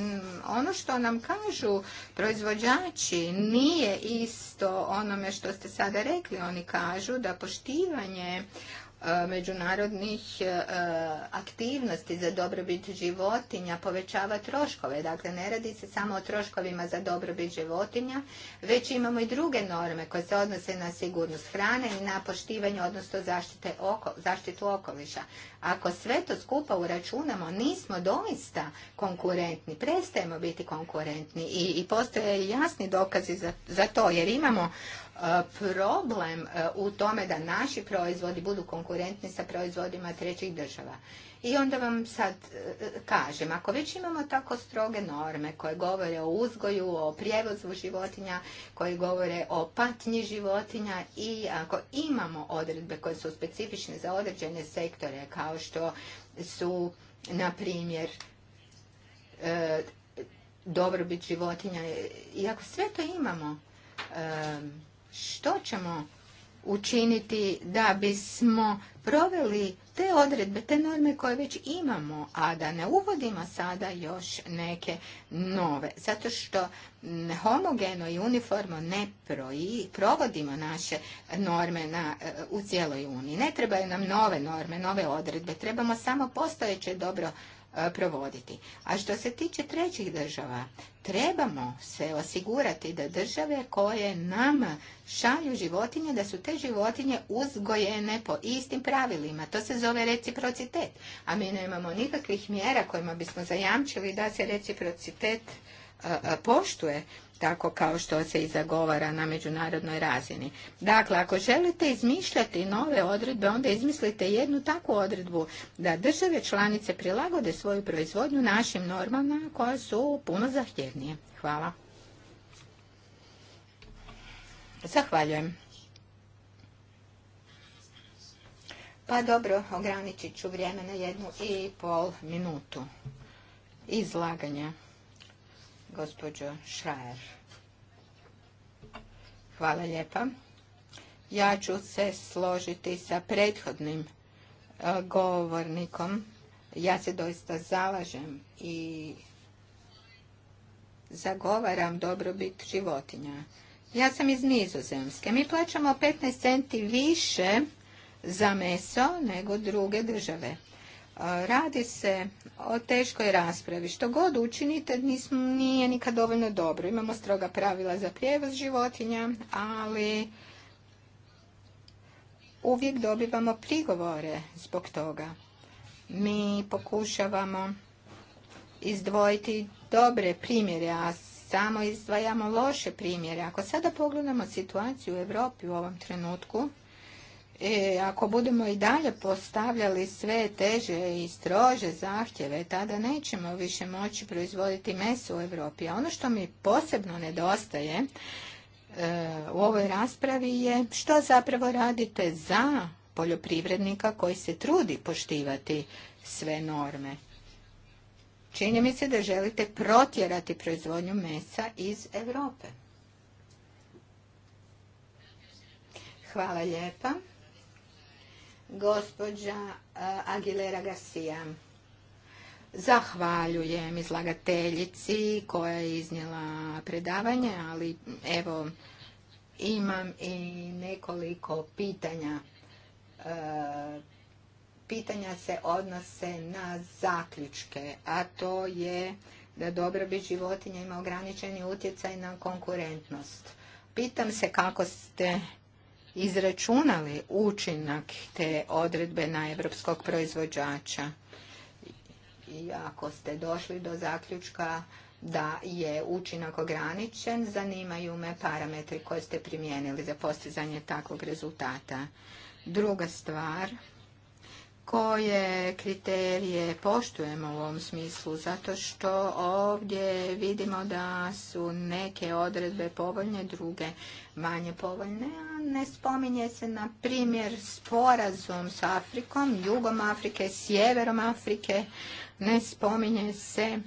Ono što nam kažu proizvođači nije isto onome što ste sada rekli. Oni kažu da poštivanje E, međunarodnih e, e, aktivnosti za dobrobit životinja povećava troškove. Dakle, ne radi se samo o troškovima za dobrobit životinja, već imamo i druge norme koje se odnose na sigurnost hrane i na poštivanje, odnosno zaštitu okoliša. Ako sve to skupa uračunamo, nismo doista konkurentni, prestajemo biti konkurentni i, i postoje jasni dokazi za, za to, jer imamo E, problem e, u tome da naši proizvodi budu konkurentni sa proizvodima trećih država. I onda vam sad e, kažem, ako već imamo tako stroge norme koje govore o uzgoju, o prijevozu životinja, koje govore o patnji životinja i ako imamo odredbe koje su specifične za određene sektore kao što su, na primjer, dobrobit životinja, i ako sve to imamo, što ćemo učiniti da bismo proveli te odredbe, te norme koje već imamo, a da ne uvodimo sada još neke nove. Zato što homogeno i uniformo ne provodimo naše norme u cijeloj Uniji. Ne trebaju nam nove norme, nove odredbe, trebamo samo postojeće dobro E, provoditi. A što se tiče trećih država, trebamo se osigurati da države koje nam šalju životinje, da su te životinje uzgojene po istim pravilima. To se zove reciprocitet. A mi nemamo nikakvih mjera kojima bismo zajamčili da se reciprocitet e, e, poštuje tako kao što se i zagovara na međunarodnoj razini. Dakle, ako želite izmišljati nove odredbe, onda izmislite jednu takvu odredbu da države članice prilagode svoju proizvodnju našim normama koje su puno zahtjevnije. Hvala. Zahvaljujem. Pa dobro, ograničit ću vrijeme na jednu i pol minutu izlaganja gospođo Šrajer. Hvala lijepa. Ja ću se složiti sa prethodnim e, govornikom. Ja se doista zalažem i zagovaram dobrobit životinja. Ja sam iz Nizozemske. Mi plaćamo 15 centi više za meso nego druge države. Radi se o teškoj raspravi. Što god učinite nije nikad dovoljno dobro. Imamo stroga pravila za prijevoz životinja, ali uvijek dobivamo prigovore zbog toga. Mi pokušavamo izdvojiti dobre primjere, a samo izdvajamo loše primjere. Ako sada pogledamo situaciju u Europi u ovom trenutku, E, ako budemo i dalje postavljali sve teže i strože zahtjeve, tada nećemo više moći proizvoditi meso u Europi. A ono što mi posebno nedostaje e, u ovoj raspravi je što zapravo radite za poljoprivrednika koji se trudi poštivati sve norme. Čini mi se da želite protjerati proizvodnju mesa iz Europe. Hvala lijepa. Gospođa e, Aguilera Garcia. Zahvaljujem izlagateljici koja je iznijela predavanje, ali evo imam i nekoliko pitanja. E, pitanja se odnose na zaključke, a to je da dobrobit životinja ima ograničeni utjecaj na konkurentnost. Pitam se kako ste izračunali učinak te odredbe na evropskog proizvođača? I ako ste došli do zaključka da je učinak ograničen, zanimaju me parametri koje ste primijenili za postizanje takvog rezultata. Druga stvar, koje kriterije poštujemo u ovom smislu, zato što ovdje vidimo da su neke odredbe povoljne, druge manje povoljne, a ne spominje se na primjer sporazum s Afrikom, jugom Afrike, sjeverom Afrike, ne spominje se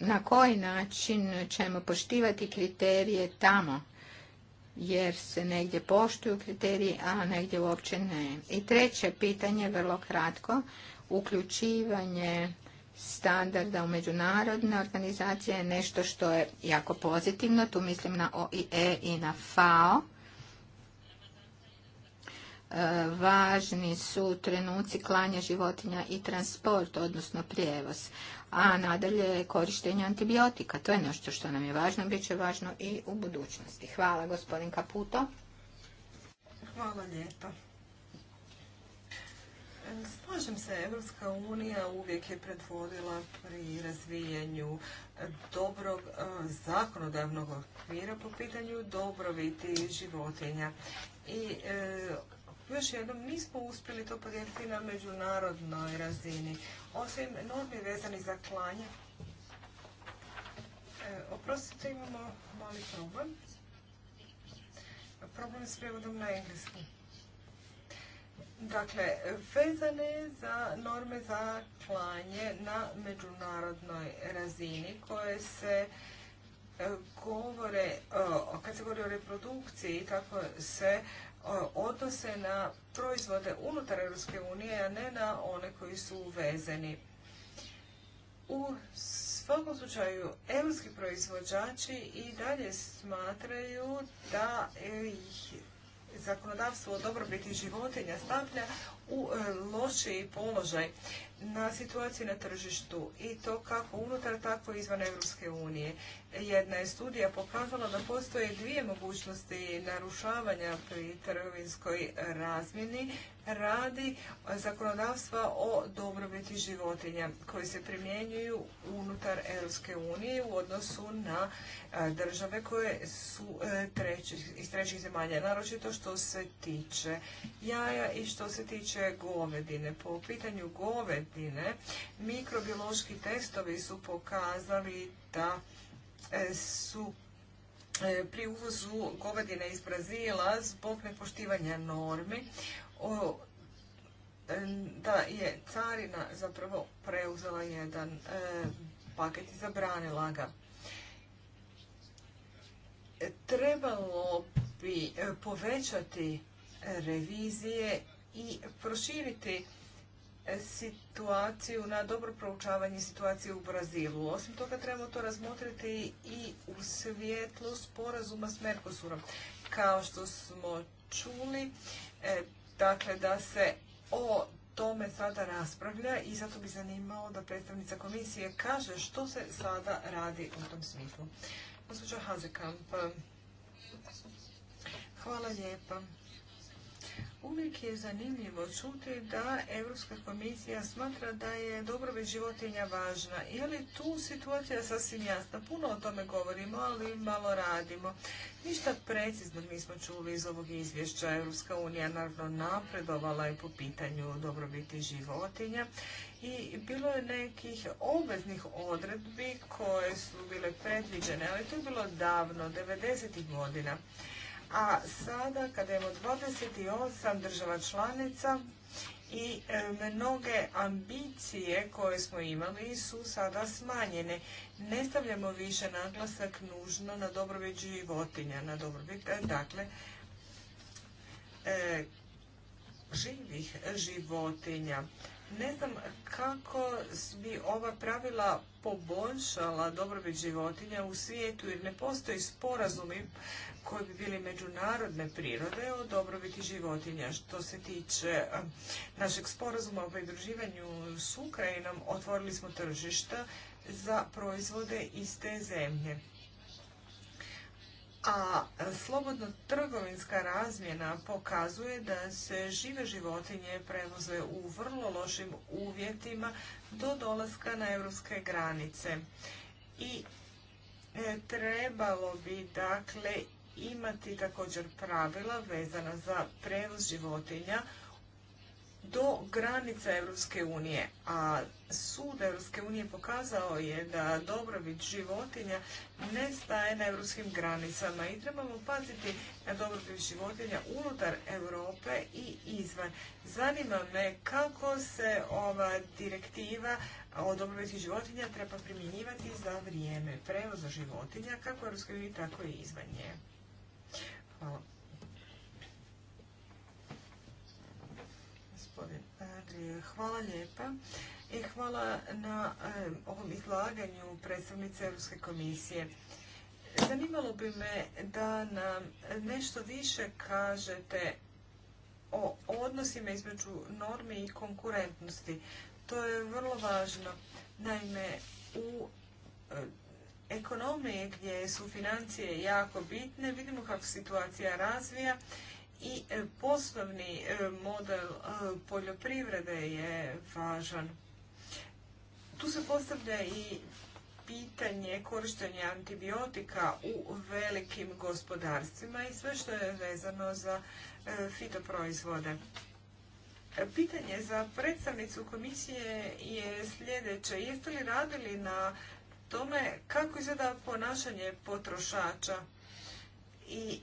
na koji način ćemo poštivati kriterije tamo jer se negdje poštuju kriteriji, a negdje uopće ne. I treće pitanje, vrlo kratko, uključivanje standarda u međunarodne organizacije je nešto što je jako pozitivno. Tu mislim na OIE i na FAO E, važni su trenuci klanja životinja i transport, odnosno prijevoz. A nadalje korištenje antibiotika. To je nešto što nam je važno, bit će važno i u budućnosti. Hvala gospodin Kaputo. Hvala lijepa. E, slažem se, Evropska unija uvijek je predvodila pri razvijanju dobrog e, zakonodavnog okvira po pitanju dobrobiti životinja. I još jednom nismo uspjeli to podijeliti na međunarodnoj razini. Osim normi vezani za klanje, e, oprostite imamo mali problem. Problem s prijevodom na engleski. Dakle, vezane za norme za klanje na međunarodnoj razini koje se e, govore, e, kad se govori o reprodukciji, tako se E, odnose na proizvode unutar Europske unije, a ne na one koji su uvezeni. U svakom slučaju, europski proizvođači i dalje smatraju da ih zakonodavstvo o dobrobiti životinja stavlja u e, lošiji položaj na situaciju na tržištu i to kako unutar, tako i izvan Europske unije jedna je studija pokazala da postoje dvije mogućnosti narušavanja pri trgovinskoj razmjeni radi zakonodavstva o dobrobiti životinja koji se primjenjuju unutar Europske unije u odnosu na e, države koje su e, iz trećih zemalja, naročito što se tiče jaja i što se tiče govedine. Po pitanju govedine mikrobiološki testovi su pokazali da E, su e, pri uvozu govedine iz Brazila zbog nepoštivanja normi e, da je carina zapravo preuzela jedan paket i zabranila ga. Trebalo bi povećati revizije i proširiti situaciju, na dobro proučavanje situacije u Brazilu. Osim toga trebamo to razmotriti i u svjetlu sporazuma s Merkosurom. Kao što smo čuli, e, dakle da se o tome sada raspravlja i zato bi zanimalo da predstavnica komisije kaže što se sada radi u tom smislu. Gospođo Hazekamp, hvala lijepa. Uvijek je zanimljivo čuti da Europska komisija smatra da je dobrobit životinja važna. Je li tu situacija sasvim jasna? Puno o tome govorimo, ali malo radimo. Ništa precizno nismo čuli iz ovog izvješća. Europska unija naravno napredovala je po pitanju dobrobiti životinja i bilo je nekih obveznih odredbi koje su bile predviđene, ali to je bilo davno, 90. godina. A sada kada imamo 28 država članica i e, mnoge ambicije koje smo imali su sada smanjene. Ne stavljamo više naglasak nužno na dobrobit životinja, na dobrobit e, dakle e, živih životinja. Ne znam kako bi ova pravila poboljšala dobrobit životinja u svijetu jer ne postoji sporazumi koji bi bili međunarodne prirode o dobrobiti životinja. Što se tiče eh, našeg sporazuma o pridruživanju s Ukrajinom, otvorili smo tržišta za proizvode iz te zemlje a slobodno trgovinska razmjena pokazuje da se žive životinje prevoze u vrlo lošim uvjetima do dolaska na europske granice. I e, trebalo bi dakle imati također pravila vezana za prevoz životinja do granica Europske unije, a sud Europske unije pokazao je da dobrobit životinja ne staje na europskim granicama i trebamo paziti na dobrobit životinja unutar Europe i izvan. Zanima me kako se ova direktiva o dobrobiti životinja treba primjenjivati za vrijeme prevoza životinja kako u unije, tako i izvan nje. Hvala. Hvala lijepa i hvala na e, ovom izlaganju predstavnice Europske komisije. Zanimalo bi me da nam nešto više kažete o odnosima između norme i konkurentnosti. To je vrlo važno. Naime, u e, ekonomije gdje su financije jako bitne, vidimo kako situacija razvija i e, poslovni e, model e, poljoprivrede je važan. Tu se postavlja i pitanje korištenja antibiotika u velikim gospodarstvima i sve što je vezano za fitoproizvode. Pitanje za predstavnicu komisije je sljedeće. Jeste li radili na tome kako izgleda ponašanje potrošača i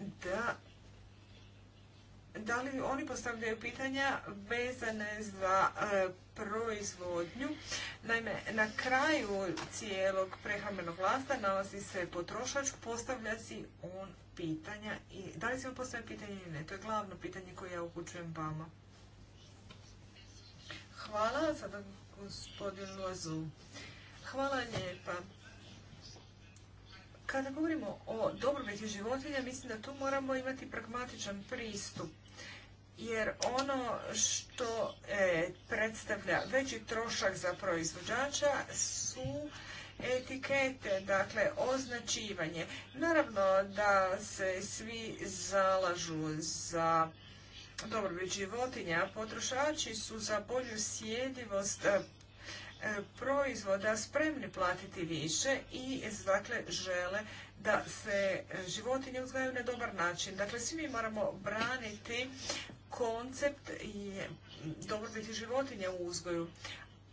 da da li oni postavljaju pitanja vezane za e, proizvodnju. Naime, na kraju cijelog prehrambenog lasta nalazi se potrošač, postavlja si on pitanja i da li se on postavlja pitanje ili ne. To je glavno pitanje koje ja upućujem vama. Hvala, sada gospodinu Lazu. Hvala lijepa. Kada govorimo o dobrobiti životinja, mislim da tu moramo imati pragmatičan pristup. Jer ono što e, predstavlja veći trošak za proizvođača su etikete, dakle označivanje. Naravno da se svi zalažu za dobrobit životinja, a potrošači su za bolju sjedivost E, proizvoda spremni platiti više i dakle žele da se životinje uzgajaju na dobar način. Dakle, svi mi moramo braniti koncept i dobrobiti životinja u uzgoju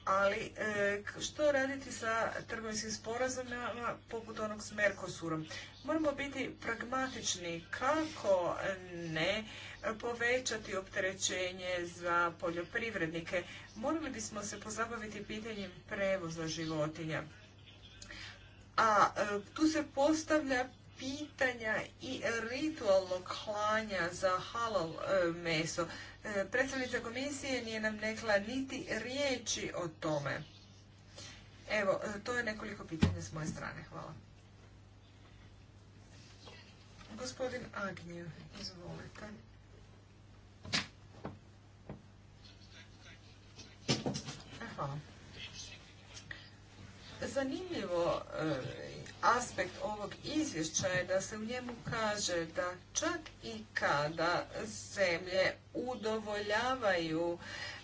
ali e, što raditi sa trgovinskim sporazumima poput onog s Merkosurom? Moramo biti pragmatični kako ne povećati opterećenje za poljoprivrednike. Morali bismo se pozabaviti pitanjem prevoza životinja. A e, tu se postavlja pitanja i ritualnog klanja za halal e, meso. E, predstavnica komisije nije nam rekla niti riječi o tome. Evo, e, to je nekoliko pitanja s moje strane. Hvala. Gospodin Agnjev, izvolite. Hvala. Zanimljivo aspekt ovog izvješća je da se u njemu kaže da čak i kada zemlje udovoljavaju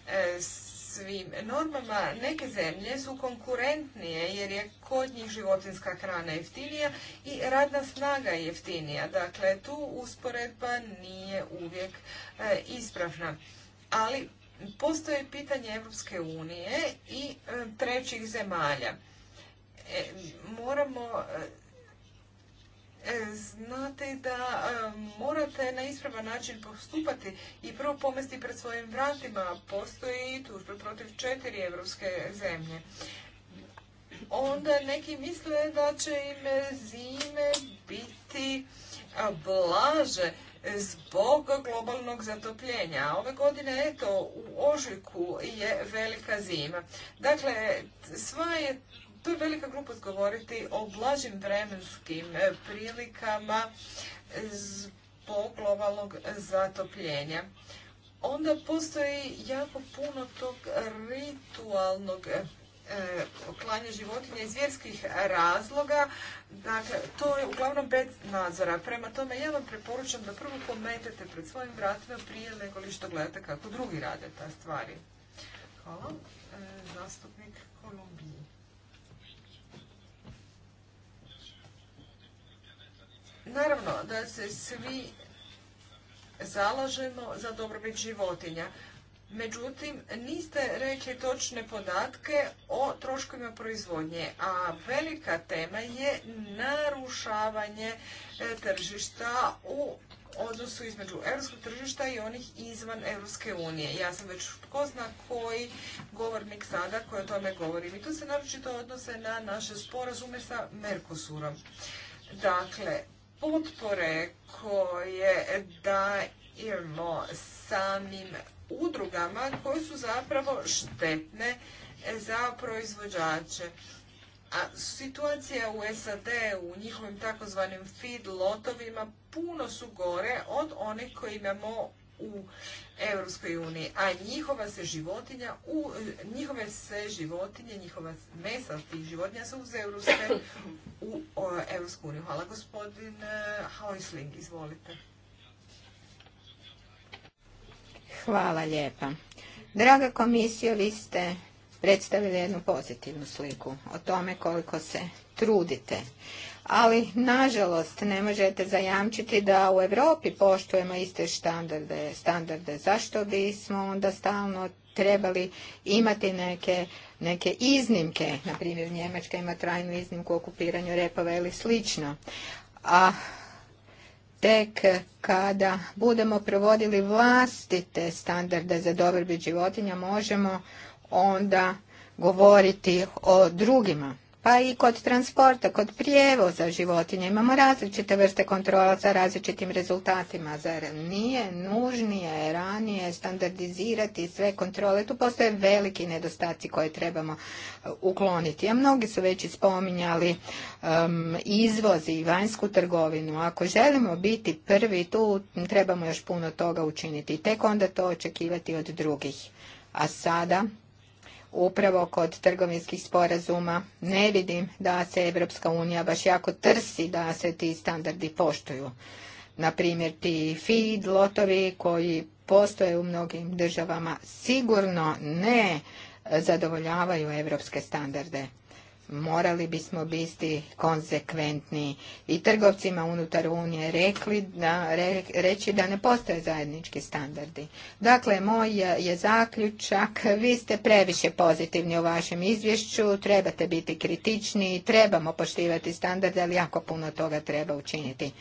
e, svim normama, neke zemlje su konkurentnije jer je kod njih životinska hrana jeftinija i radna snaga jeftinija. Dakle, tu usporedba nije uvijek e, ispravna. Ali postoje pitanje Europske unije i e, trećih zemalja E, moramo e, znati da e, morate na ispravan način postupati i prvo pomesti pred svojim vratima. Postoji tužba protiv četiri evropske zemlje. Onda neki misle da će im zime biti blaže zbog globalnog zatopljenja. Ove godine, eto, u ožujku je velika zima. Dakle, sva je to je velika glupost govoriti o blažim vremenskim e, prilikama zbog globalnog zatopljenja. Onda postoji jako puno tog ritualnog e, klanja životinja iz vjerskih razloga. Dakle, to je uglavnom bez nadzora. Prema tome, ja vam preporučam da prvo pometete pred svojim vratima prije nego li što gledate kako drugi rade ta stvari. Hvala. E, zastupnik Kolumbije. Naravno da se svi zalažemo za dobrobit životinja. Međutim, niste rekli točne podatke o troškovima proizvodnje, a velika tema je narušavanje e, tržišta u odnosu između europskog tržišta i onih izvan Europske unije. Ja sam već tko zna koji govornik sada koji o tome govori. I to se naročito odnose na naše sporazume sa Mercosurom. Dakle, potpore koje dajemo samim udrugama koje su zapravo štetne za proizvođače. A situacija u SAD u njihovim takozvanim feed lotovima puno su gore od onih koje imamo u Europskoj uniji, a njihova se životinja, u, njihove se životinje, njihova mesa tih životinja su uz Europske u Europsku uniju. Hvala gospodin e, izvolite. Hvala lijepa. Draga komisija, vi ste predstavili jednu pozitivnu sliku o tome koliko se trudite ali nažalost ne možete zajamčiti da u Europi poštujemo iste standarde. standarde. Zašto bismo onda stalno trebali imati neke, neke iznimke, na primjer Njemačka ima trajnu iznimku o okupiranju repova ili slično. A tek kada budemo provodili vlastite standarde za dobrobit životinja možemo onda govoriti o drugima pa i kod transporta, kod prijevoza životinja. Imamo različite vrste kontrola sa različitim rezultatima. Zar nije nužnije ranije standardizirati sve kontrole? Tu postoje veliki nedostaci koje trebamo e, ukloniti. A mnogi su već spominjali um, izvoz i vanjsku trgovinu. Ako želimo biti prvi, tu trebamo još puno toga učiniti. Tek onda to očekivati od drugih. A sada upravo kod trgovinskih sporazuma ne vidim da se Evropska unija baš jako trsi da se ti standardi poštuju. Naprimjer, ti feed lotovi koji postoje u mnogim državama sigurno ne zadovoljavaju evropske standarde morali bismo biti konsekventni i trgovcima unutar Unije rekli da, reći da ne postoje zajednički standardi. Dakle, moj je zaključak, vi ste previše pozitivni u vašem izvješću, trebate biti kritični, trebamo poštivati standarde, ali jako puno toga treba učiniti.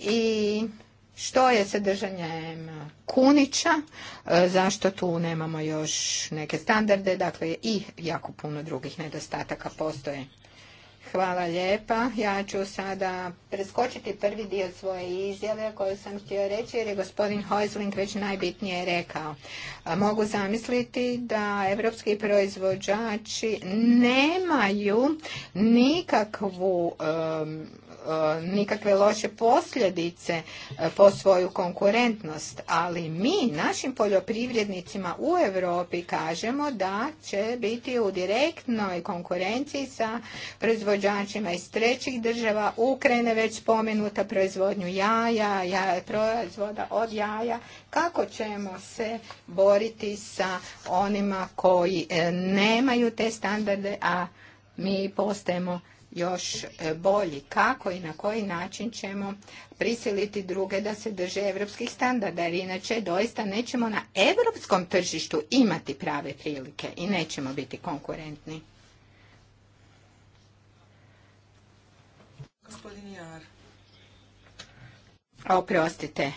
I što je sa držanjem kunića, e, zašto tu nemamo još neke standarde, dakle i jako puno drugih nedostataka postoje. Hvala lijepa. Ja ću sada preskočiti prvi dio svoje izjave koju sam htio reći jer je gospodin Hojzling već najbitnije rekao. Mogu zamisliti da evropski proizvođači nemaju nikakvu E, nikakve loše posljedice e, po svoju konkurentnost, ali mi našim poljoprivrednicima u Europi kažemo da će biti u direktnoj konkurenciji sa proizvođačima iz trećih država. Ukrajine već spomenuta proizvodnju jaja, jaja proizvoda od jaja. Kako ćemo se boriti sa onima koji e, nemaju te standarde, a mi postajemo još e, bolji. Kako i na koji način ćemo prisiliti druge da se drže evropskih standarda, jer inače doista nećemo na evropskom tržištu imati prave prilike i nećemo biti konkurentni. Gospodin Jar. Oprostite,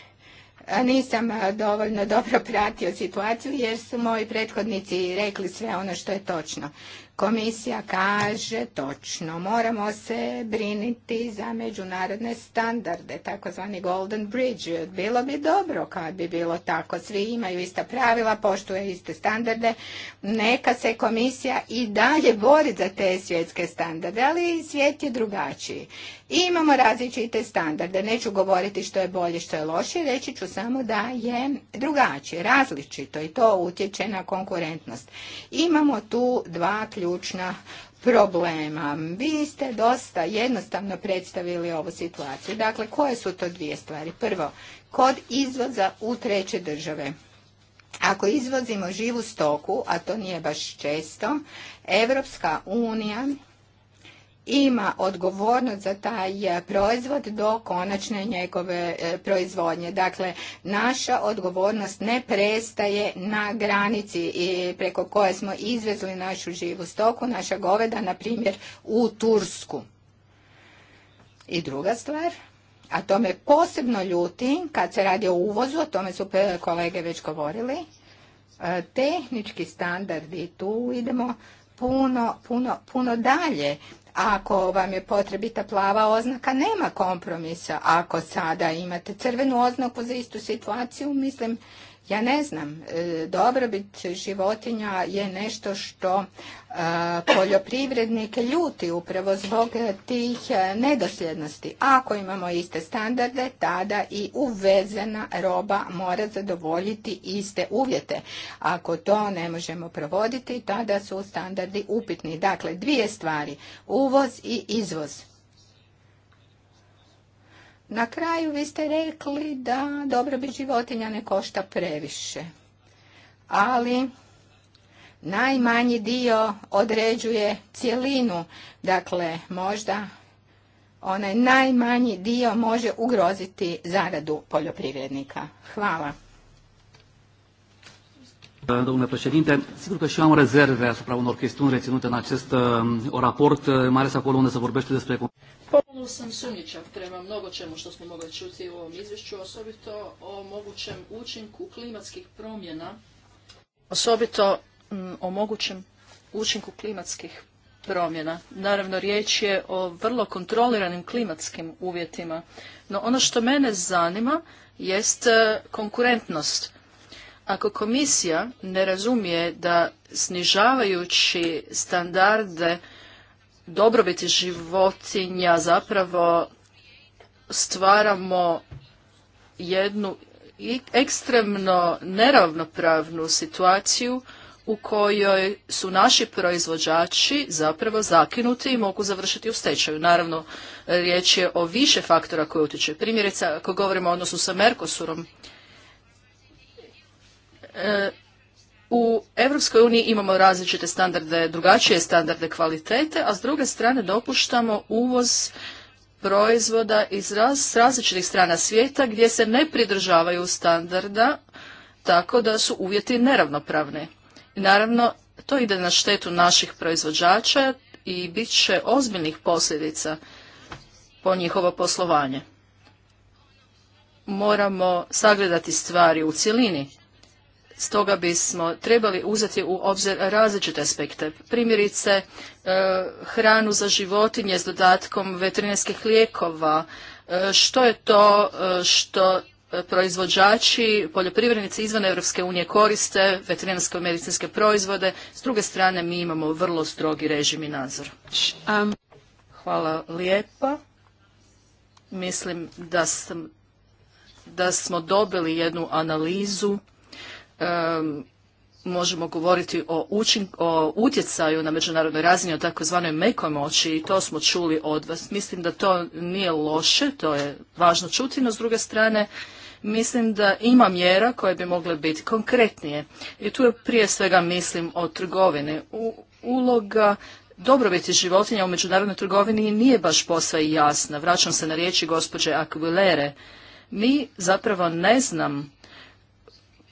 nisam dovoljno dobro pratio situaciju jer su moji prethodnici rekli sve ono što je točno. Komisija kaže točno, moramo se briniti za međunarodne standarde, takozvani Golden Bridge. Bilo bi dobro kad bi bilo tako. Svi imaju ista pravila, poštuje iste standarde. Neka se komisija i dalje bori za te svjetske standarde, ali svijet je drugačiji. imamo različite standarde. Neću govoriti što je bolje, što je loše, reći ću samo da je drugačije, različito i to utječe na konkurentnost. Imamo tu dva ključa ključna problema. Vi ste dosta jednostavno predstavili ovu situaciju. Dakle, koje su to dvije stvari? Prvo, kod izvoza u treće države. Ako izvozimo živu stoku, a to nije baš često, Evropska unija ima odgovornost za taj e, proizvod do konačne njegove e, proizvodnje. Dakle, naša odgovornost ne prestaje na granici preko koje smo izvezli našu živu stoku, naša goveda, na primjer, u Tursku. I druga stvar, a to me posebno ljuti kad se radi o uvozu, o tome su kolege već govorili, e, tehnički standardi, tu idemo puno, puno, puno dalje. Ako vam je potrebita plava oznaka, nema kompromisa. Ako sada imate crvenu oznaku za istu situaciju, mislim ja ne znam, e, dobrobit životinja je nešto što e, poljoprivrednik ljuti upravo zbog tih e, nedosljednosti. Ako imamo iste standarde, tada i uvezena roba mora zadovoljiti iste uvjete. Ako to ne možemo provoditi, tada su standardi upitni. Dakle, dvije stvari, uvoz i izvoz. Na kraju vi ste rekli da dobrobit životinja ne košta previše, ali najmanji dio određuje cjelinu, dakle možda onaj najmanji dio može ugroziti zaradu poljoprivrednika. Hvala. Domnule președinte, sigur că și eu am rezerve asupra unor chestiuni reținute în acest um, raport, mai ales acolo unde se vorbește despre... Pomalo sam sumnjičav prema mnogo čemu što smo mogli čuti u ovom izvješću, osobito o mogućem učinku klimatskih promjena, osobito mm, o mogućem učinku klimatskih promjena. Naravno, riječ je o vrlo kontroliranim klimatskim uvjetima. No ono što mene zanima jest e, konkurentnost. Ako komisija ne razumije da snižavajući standarde dobrobiti životinja zapravo stvaramo jednu ekstremno neravnopravnu situaciju u kojoj su naši proizvođači zapravo zakinuti i mogu završiti u stečaju. Naravno, riječ je o više faktora koji utječe. Primjerice, ako govorimo o odnosu sa Merkosurom... E, u Europskoj uniji imamo različite standarde, drugačije standarde kvalitete, a s druge strane dopuštamo uvoz proizvoda iz različitih strana svijeta gdje se ne pridržavaju standarda tako da su uvjeti neravnopravni. Naravno, to ide na štetu naših proizvođača i bit će ozbiljnih posljedica po njihovo poslovanje. Moramo sagledati stvari u cjelini Stoga bismo trebali uzeti u obzir različite aspekte. Primjerice, e, hranu za životinje s dodatkom veterinarskih lijekova, e, što je to e, što proizvođači, poljoprivrednici izvan Europske unije koriste veterinarske i medicinske proizvode. S druge strane, mi imamo vrlo strogi režim i nadzor. Um. Hvala lijepa. Mislim da smo dobili jednu analizu možemo govoriti o, o utjecaju na međunarodnoj razini, o takozvanoj mekoj moći i to smo čuli od vas. Mislim da to nije loše, to je važno čuti, no s druge strane mislim da ima mjera koje bi mogle biti konkretnije. I tu je prije svega mislim o trgovini. uloga dobrobiti životinja u međunarodnoj trgovini nije baš posve jasna. Vraćam se na riječi gospođe Aquilere. Mi zapravo ne znam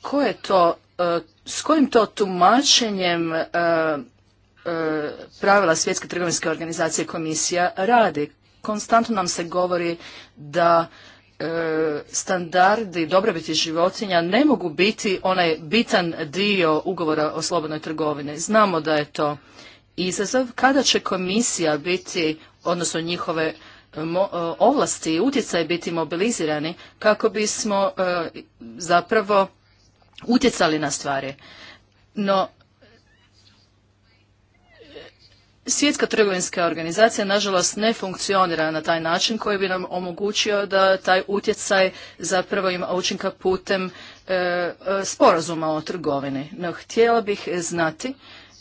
koje to, e, s kojim to tumačenjem e, e, pravila Svjetske trgovinske organizacije komisija radi. Konstantno nam se govori da standardi dobrobiti životinja ne mogu biti onaj bitan dio ugovora o slobodnoj trgovini. Znamo da je to izazov. Kada će komisija biti, odnosno njihove ovlasti i utjecaj biti mobilizirani kako bismo zapravo utjecali na stvari. No, Svjetska trgovinska organizacija nažalost ne funkcionira na taj način koji bi nam omogućio da taj utjecaj zapravo ima učinka putem e, e, sporazuma o trgovini. No, htjela bih znati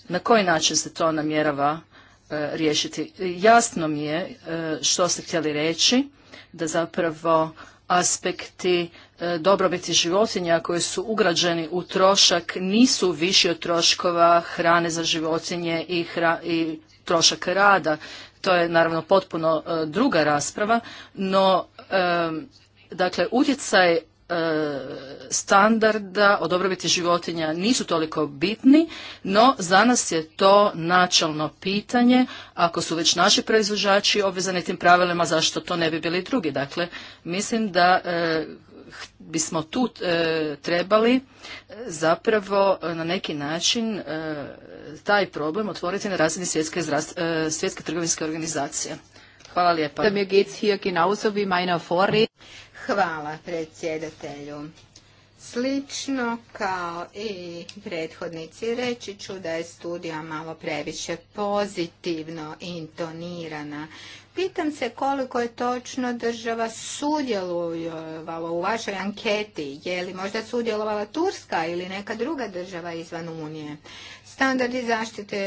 na koji način se to namjerava e, riješiti. Jasno mi je što ste htjeli reći, da zapravo aspekti e, dobrobiti životinja koji su ugrađeni u trošak nisu viši od troškova hrane za životinje i, i trošak rada. To je naravno potpuno e, druga rasprava, no e, dakle utjecaj E, standarda o dobrobiti životinja nisu toliko bitni, no za nas je to načalno pitanje. Ako su već naši proizvođači obvezani tim pravilima, zašto to ne bi bili drugi? Dakle, mislim da e, bismo tu e, trebali zapravo na neki način taj problem otvoriti na razini svjetske, svjetske trgovinske organizacije. Hvala lijepa. Hvala predsjedatelju. Slično kao i prethodnici reći ću da je studija malo previše pozitivno intonirana. Pitam se koliko je točno država sudjelovala u vašoj anketi. Je li možda sudjelovala Turska ili neka druga država izvan Unije? Standardi zaštite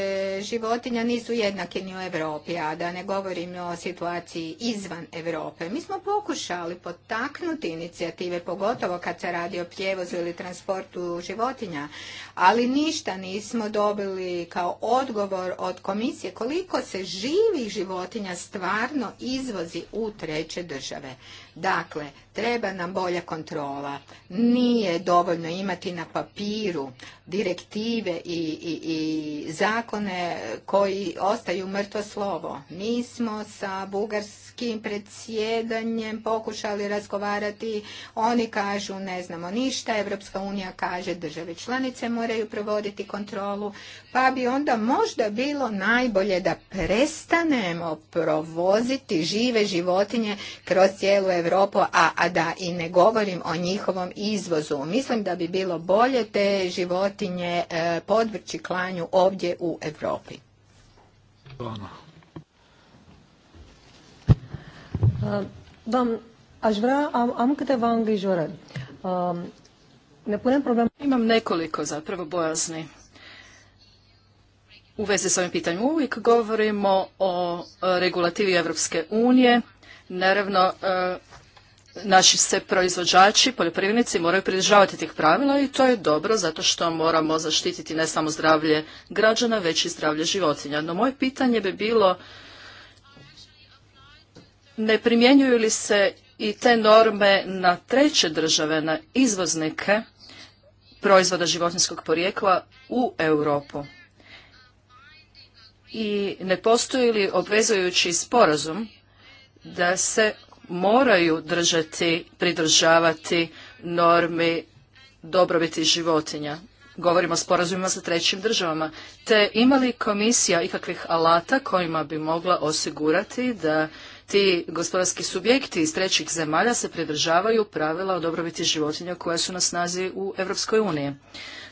životinja nisu jednaki ni u Europi, a da ne govorim o situaciji izvan Europe. Mi smo pokušali potaknuti inicijative, pogotovo kad se radi o prijevozu ili transportu životinja, ali ništa nismo dobili kao odgovor od komisije koliko se živih životinja stvarno izvozi u treće države. Dakle, treba nam bolja kontrola. Nije dovoljno imati na papiru direktive i, i, i zakone koji ostaju mrtvo slovo. Mi smo sa Bugarskom švedskim predsjedanjem pokušali razgovarati. Oni kažu ne znamo ništa, Evropska unija kaže države članice moraju provoditi kontrolu, pa bi onda možda bilo najbolje da prestanemo provoziti žive životinje kroz cijelu Europu, a, a da i ne govorim o njihovom izvozu. Mislim da bi bilo bolje te životinje e, podvrći klanju ovdje u Europi aș am, am câteva îngrijorări. Um, ne punem Imam nekoliko zapravo bojazni u vezi s ovim pitanjem. Uvijek govorimo o regulativi Evropske unije. Naravno, e, naši se proizvođači, poljoprivrednici moraju pridržavati tih pravila i to je dobro zato što moramo zaštititi ne samo zdravlje građana, već i zdravlje životinja. No moje pitanje bi bilo ne primjenjuju li se i te norme na treće države, na izvoznike proizvoda životinskog porijekla u Europu? I ne postoji li obvezujući sporazum da se moraju držati, pridržavati normi dobrobiti životinja? Govorimo o sporazumima sa trećim državama. Te ima li komisija ikakvih alata kojima bi mogla osigurati da ti gospodarski subjekti iz trećih zemalja se pridržavaju pravila o dobrobiti životinja koja su na snazi u Europskoj uniji.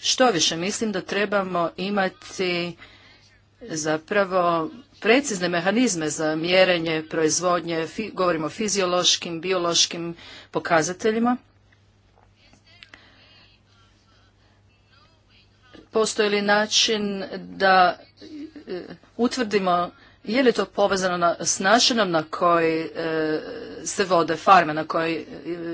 Što više, mislim da trebamo imati zapravo precizne mehanizme za mjerenje proizvodnje, govorimo o fiziološkim, biološkim pokazateljima. Postoji li način da e, utvrdimo je li to povezano na, s načinom na koji e, se vode farme, na koji e,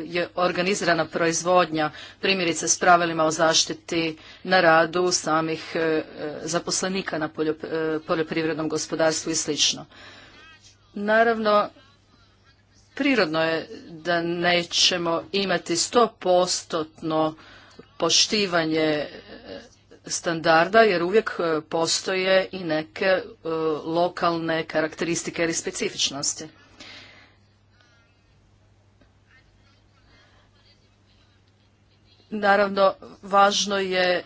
je organizirana proizvodnja, primjerice s pravilima o zaštiti na radu samih e, zaposlenika na poljop, poljoprivrednom gospodarstvu i sl. Naravno, prirodno je da nećemo imati stopostotno poštivanje standarda jer uvijek e, postoje i neke e, lokalne karakteristike ili specifičnosti. Naravno, važno je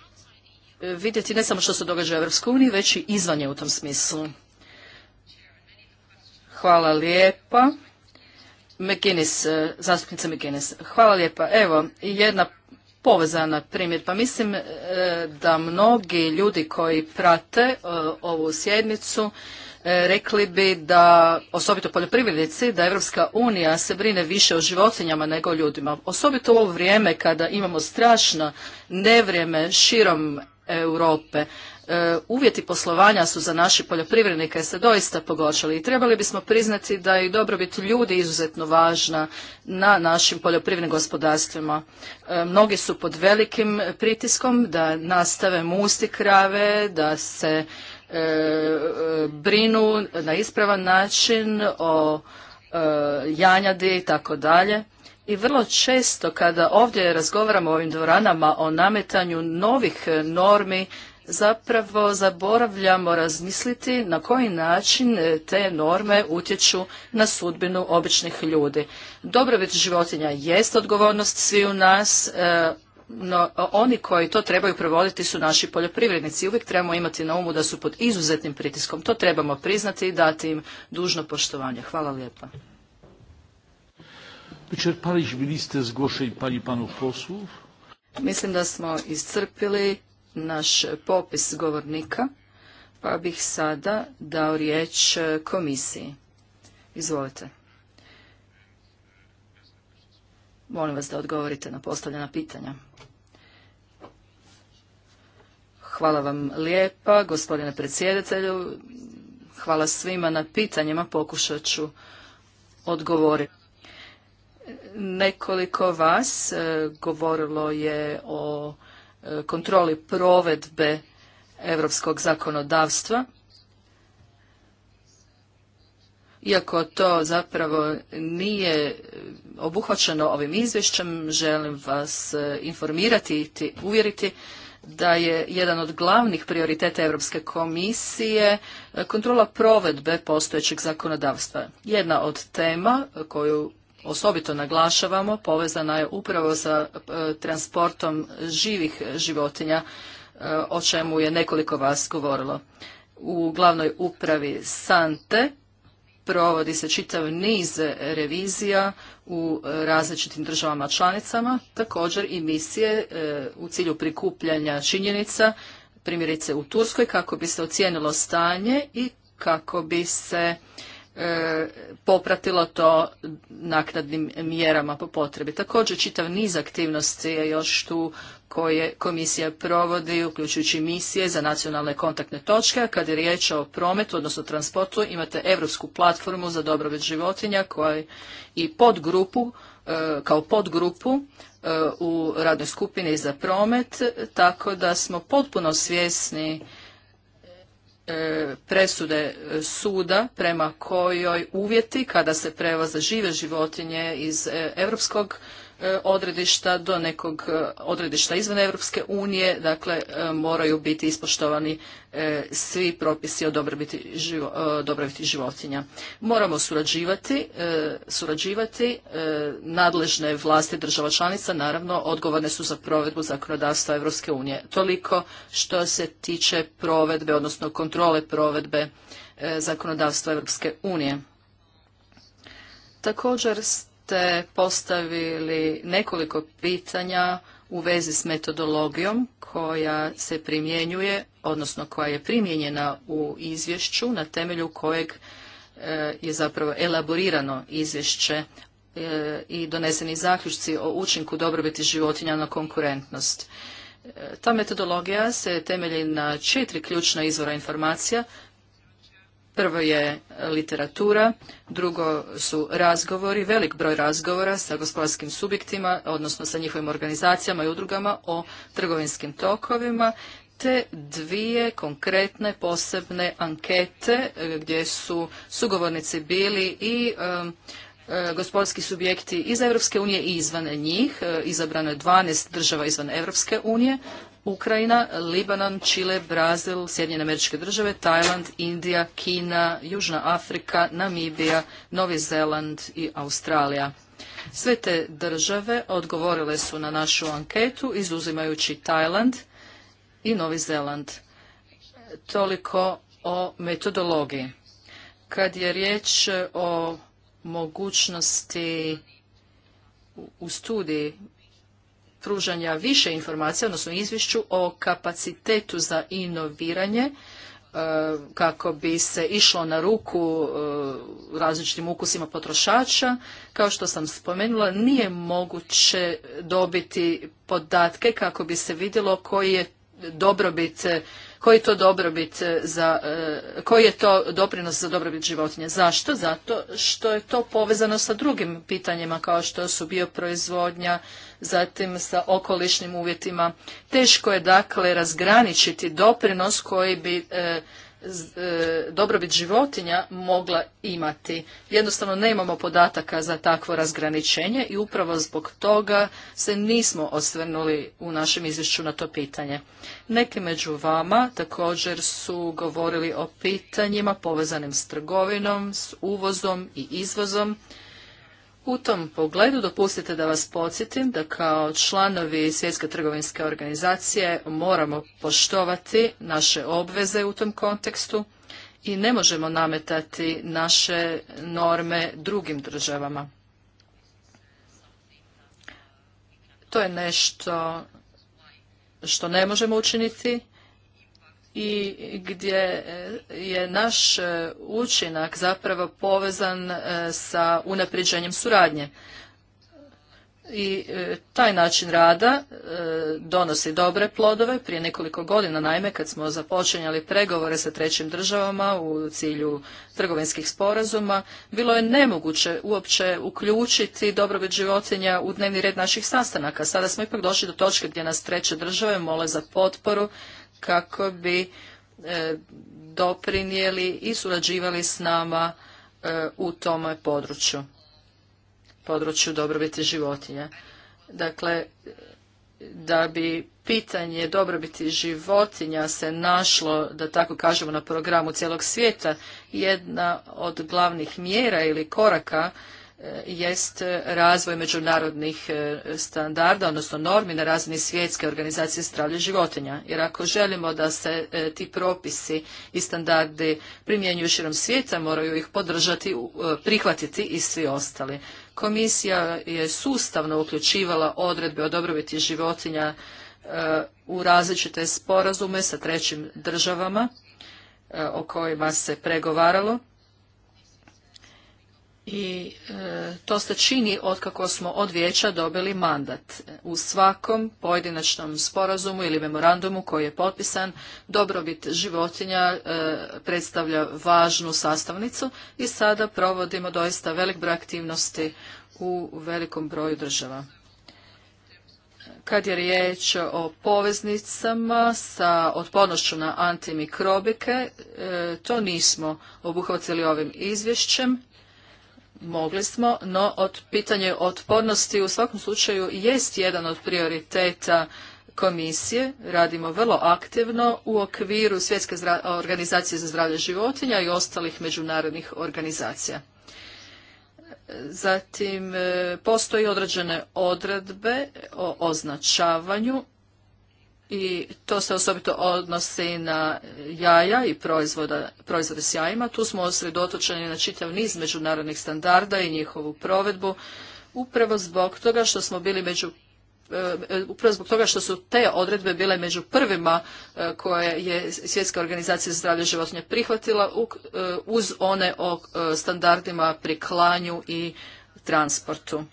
vidjeti ne samo što se događa u EU uniji, već i izvanje u tom smislu. Hvala lijepa. McGinnis, e, zastupnica McGinnis. Hvala lijepa. Evo, jedna povezana Pa Mislim e, da mnogi ljudi koji prate e, ovu sjednicu e, rekli bi da, osobito poljoprivrednici, da Evropska unija se brine više o životinjama nego o ljudima. Osobito u ovo vrijeme kada imamo strašno nevrijeme širom Europe. E, uvjeti poslovanja su za naše poljoprivrednike se doista pogoršali i trebali bismo priznati da je i dobrobit ljudi izuzetno važna na našim poljoprivrednim gospodarstvima. E, mnogi su pod velikim pritiskom da nastave musti krave, da se e, brinu na ispravan način o janjadi i tako dalje. I vrlo često kada ovdje razgovaramo u ovim dvoranama o nametanju novih normi zapravo zaboravljamo razmisliti na koji način e, te norme utječu na sudbinu običnih ljudi. Dobrobit životinja jest odgovornost u nas, e, no oni koji to trebaju provoditi su naši poljoprivrednici. Uvijek trebamo imati na umu da su pod izuzetnim pritiskom. To trebamo priznati i dati im dužno poštovanje. Hvala lijepa. Mislim da smo iscrpili naš popis govornika, pa bih sada dao riječ komisiji. Izvolite. Molim vas da odgovorite na postavljena pitanja. Hvala vam lijepa, gospodine predsjedatelju. Hvala svima na pitanjima, pokušat ću odgovoriti. Nekoliko vas eh, govorilo je o kontroli provedbe europskog zakonodavstva, iako to zapravo nije obuhvaćeno ovim izvješćem, želim vas e, informirati i uvjeriti da je jedan od glavnih prioriteta Europske komisije e, kontrola provedbe postojećeg zakonodavstva. Jedna od tema koju osobito naglašavamo, povezana je upravo sa e, transportom živih životinja, e, o čemu je nekoliko vas govorilo. U glavnoj upravi Sante provodi se čitav niz revizija u različitim državama članicama, također i misije e, u cilju prikupljanja činjenica, primjerice u Turskoj, kako bi se ocijenilo stanje i kako bi se E, popratilo to naknadnim mjerama po potrebi. Također čitav niz aktivnosti je još tu koje komisija provodi, uključujući misije za nacionalne kontaktne točke. Kad je riječ o prometu, odnosno transportu, imate Europsku platformu za dobrobit životinja koja i podgrupu, e, kao podgrupu e, u radnoj skupini za promet, tako da smo potpuno svjesni E, presude e, suda prema kojoj uvjeti kada se prevoze žive životinje iz e, europskog E, odredišta do nekog e, odredišta izvan Europske unije, dakle e, moraju biti ispoštovani svi propisi o dobrobiti, životinja. Moramo surađivati, surađivati, nadležne vlasti država članica naravno odgovorne su za provedbu zakonodavstva Europske unije. Toliko što se tiče provedbe, odnosno kontrole provedbe zakonodavstva Europske unije. Također ste postavili nekoliko pitanja u vezi s metodologijom koja se primjenjuje, odnosno koja je primijenjena u izvješću na temelju kojeg e, je zapravo elaborirano izvješće e, i doneseni zaključci o učinku dobrobiti životinja na konkurentnost. E, ta metodologija se temelji na četiri ključna izvora informacija Prvo je literatura, drugo su razgovori, velik broj razgovora sa gospodarskim subjektima, odnosno sa njihovim organizacijama i udrugama o trgovinskim tokovima, te dvije konkretne posebne ankete e, gdje su sugovornici bili i e, gospodarski subjekti iz Europske unije i izvan njih. E, izabrano je 12 država izvan Europske unije, Ukrajina, Libanon, Čile, Brazil, Sjedinjene američke države, Tajland, Indija, Kina, Južna Afrika, Namibija, Novi Zeland i Australija. Sve te države odgovorile su na našu anketu izuzimajući Tajland i Novi Zeland. Toliko o metodologiji. Kad je riječ o mogućnosti u studiji pružanja više informacija, odnosno izvješću o kapacitetu za inoviranje e, kako bi se išlo na ruku e, različitim ukusima potrošača. Kao što sam spomenula, nije moguće dobiti podatke kako bi se vidjelo koji je dobrobit koji to dobrobit e, za, e, koji je to doprinos za dobrobit životinja. Zašto? Zato što je to povezano sa drugim pitanjima kao što su bioproizvodnja, zatim sa okolišnim uvjetima. Teško je dakle razgraničiti doprinos koji bi e, E, dobrobit životinja mogla imati. Jednostavno nemamo podataka za takvo razgraničenje i upravo zbog toga se nismo osvrnuli u našem izvješću na to pitanje. Neki među vama također su govorili o pitanjima povezanim s trgovinom, s uvozom i izvozom u tom pogledu dopustite da vas podsjetim da kao članovi Svjetske trgovinske organizacije moramo poštovati naše obveze u tom kontekstu i ne možemo nametati naše norme drugim državama. To je nešto što ne možemo učiniti i gdje e, je naš e, učinak zapravo povezan e, sa unapređenjem suradnje. I taj način rada donosi dobre plodove. Prije nekoliko godina, naime, kad smo započinjali pregovore sa trećim državama u cilju trgovinskih sporazuma, bilo je nemoguće uopće uključiti dobrobit životinja u dnevni red naših sastanaka. Sada smo ipak došli do točke gdje nas treće države mole za potporu kako bi e, doprinijeli i surađivali s nama e, u tome području, području dobrobiti životinja. Dakle, da bi pitanje dobrobiti životinja se našlo, da tako kažemo, na programu cijelog svijeta, jedna od glavnih mjera ili koraka jest razvoj međunarodnih e, standarda, odnosno normi na razini svjetske organizacije zdravlja životinja. Jer ako želimo da se e, ti propisi i standardi primjenjuju širom svijeta, moraju ih podržati, e, prihvatiti i svi ostali. Komisija je sustavno uključivala odredbe o dobrobiti životinja u različite sporazume sa trećim državama o kojima se pregovaralo i e, to se čini otkako smo od vijeća dobili mandat. U svakom pojedinačnom sporazumu ili memorandumu koji je potpisan, dobrobit životinja e, predstavlja važnu sastavnicu i sada provodimo doista velik broj aktivnosti u velikom broju država. Kad je riječ o poveznicama sa otpornošću na antimikrobike, e, to nismo obuhvatili ovim izvješćem Mogli smo, no od pitanje otpornosti u svakom slučaju jest jedan od prioriteta komisije. Radimo vrlo aktivno u okviru Svjetske organizacije za zdravlje životinja i ostalih međunarodnih organizacija. Zatim, e, postoji određene odredbe o označavanju i to se osobito odnosi na jaja i proizvode s jajima. Tu smo osredotočeni na čitav niz međunarodnih standarda i njihovu provedbu, upravo zbog toga što smo bili među e, e, upravo zbog toga što su te odredbe bile među prvima e, koje je Svjetska organizacija zdravlje životinja prihvatila uz one o standardima pri klanju i transportu,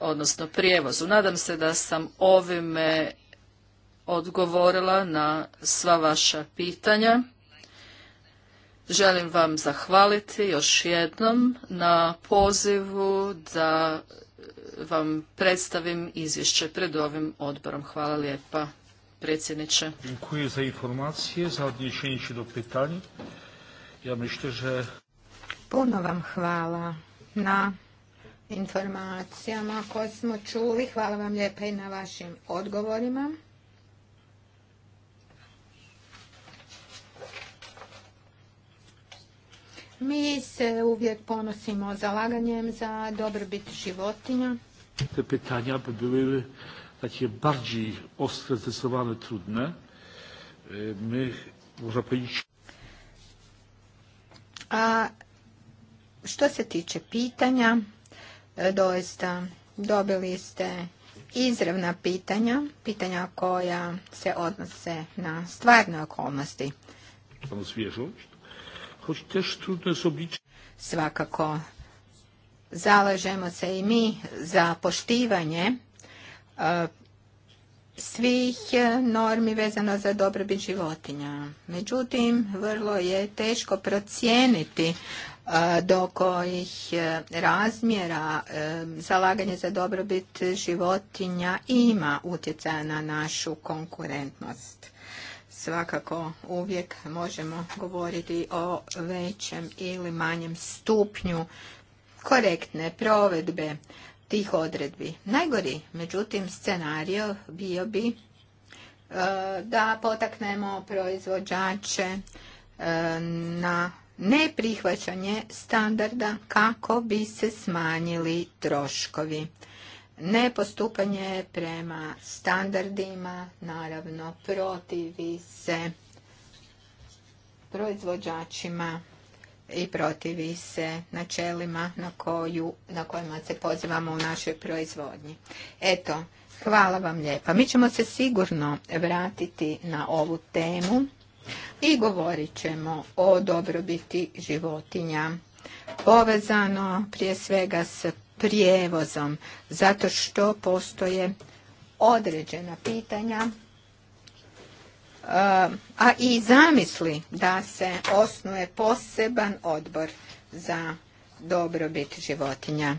odnosno prijevozu. Nadam se da sam ovime odgovorila na sva vaša pitanja. Želim vam zahvaliti još jednom na pozivu da vam predstavim izvješće pred ovim odborom. Hvala lijepa, predsjedniče. Dziękuję za informacije, za do Ja Puno vam hvala na informacijama koje smo čuli. Hvala vam lijepa i na vašim odgovorima. Mi se uvijek ponosimo zalaganjem za dobrobit životinja. Te pytania by były takie bardziej ostre, zdecydowane, trudne. E, my, można powiedzieć... A što se tiče pitanja, e, doista dobili ste izravna pitanja, pitanja koja se odnose na stvarne okolnosti. svježo, što? Svakako zalažemo se i mi za poštivanje e, svih normi vezano za dobrobit životinja. Međutim, vrlo je teško procijeniti e, do kojih e, razmjera zalaganje za dobrobit životinja ima utjecaja na našu konkurentnost svakako uvijek možemo govoriti o većem ili manjem stupnju korektne provedbe tih odredbi. Najgori, međutim, scenario bio bi e, da potaknemo proizvođače e, na neprihvaćanje standarda kako bi se smanjili troškovi nepostupanje prema standardima naravno protivi se proizvođačima i protivi se načelima na, na kojima se pozivamo u našoj proizvodnji. Eto, hvala vam lijepa. Mi ćemo se sigurno vratiti na ovu temu i govorit ćemo o dobrobiti životinja povezano prije svega s prijevozom, zato što postoje određena pitanja, eh, a i zamisli da se osnuje poseban odbor za dobrobit životinja.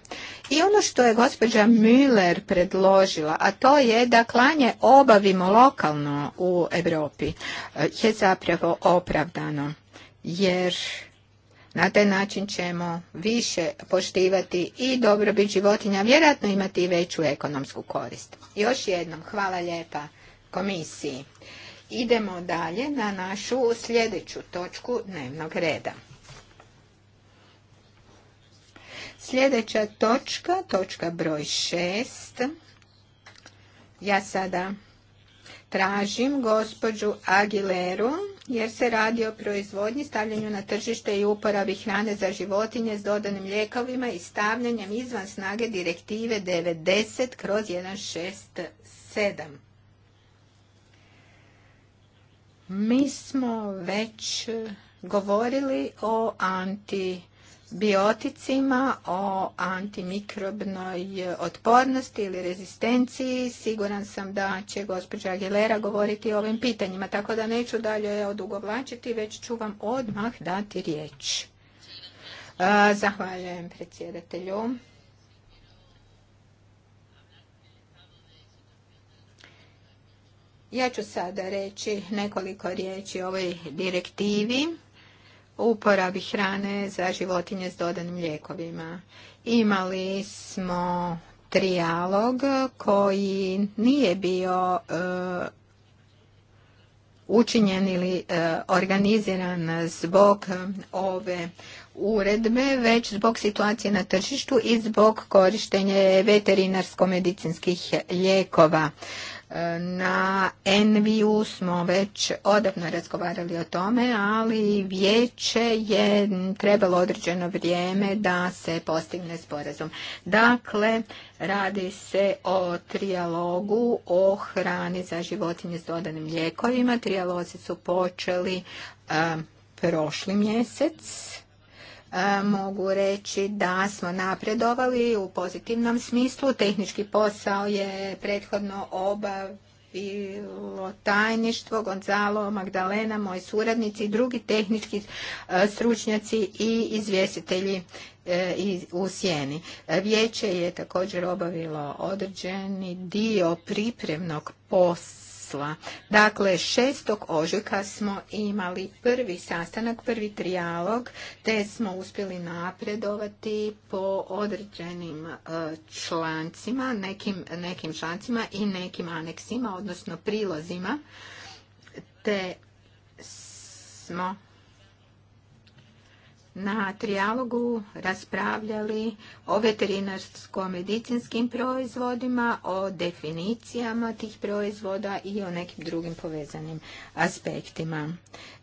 I ono što je gospođa Müller predložila, a to je da klanje obavimo lokalno u Europi, eh, je zapravo opravdano. Jer na taj način ćemo više poštivati i dobrobit životinja, vjerojatno imati i veću ekonomsku korist. Još jednom, hvala lijepa komisiji. Idemo dalje na našu sljedeću točku dnevnog reda. Sljedeća točka, točka broj šest. Ja sada tražim gospođu Aguileru jer se radi o proizvodnji, stavljanju na tržište i uporabi hrane za životinje s dodanim ljekovima i stavljanjem izvan snage direktive 90 kroz 167. Mi smo već govorili o anti bioticima, o antimikrobnoj otpornosti ili rezistenciji. Siguran sam da će gospođa Aguilera govoriti o ovim pitanjima, tako da neću dalje odugovlačiti, već ću vam odmah dati riječ. E, zahvaljujem predsjedatelju. Ja ću sada reći nekoliko riječi o ovoj direktivi uporabi hrane za životinje s dodanim ljekovima. Imali smo trijalog koji nije bio e, učinjen ili e, organiziran zbog ove uredbe, već zbog situacije na tržištu i zbog korištenje veterinarsko-medicinskih lijekova. Na Enviju smo već odavno razgovarali o tome, ali vijeće je trebalo određeno vrijeme da se postigne sporazum. Dakle, radi se o trijalogu o hrani za životinje s dodanim lijekovima. Trijalozi su počeli eh, prošli mjesec E, mogu reći da smo napredovali u pozitivnom smislu. Tehnički posao je prethodno obavilo tajništvo, Gonzalo, Magdalena, moji suradnici i drugi tehnički e, stručnjaci i izvjestitelji e, u sjeni. Vijeće je također obavilo određeni dio pripremnog posla Dakle, 6. ožujka smo imali prvi sastanak, prvi trijalog, te smo uspjeli napredovati po određenim e, člancima, nekim, nekim člancima i nekim aneksima, odnosno prilozima, te smo na trijalogu raspravljali o veterinarsko-medicinskim proizvodima, o definicijama tih proizvoda i o nekim drugim povezanim aspektima.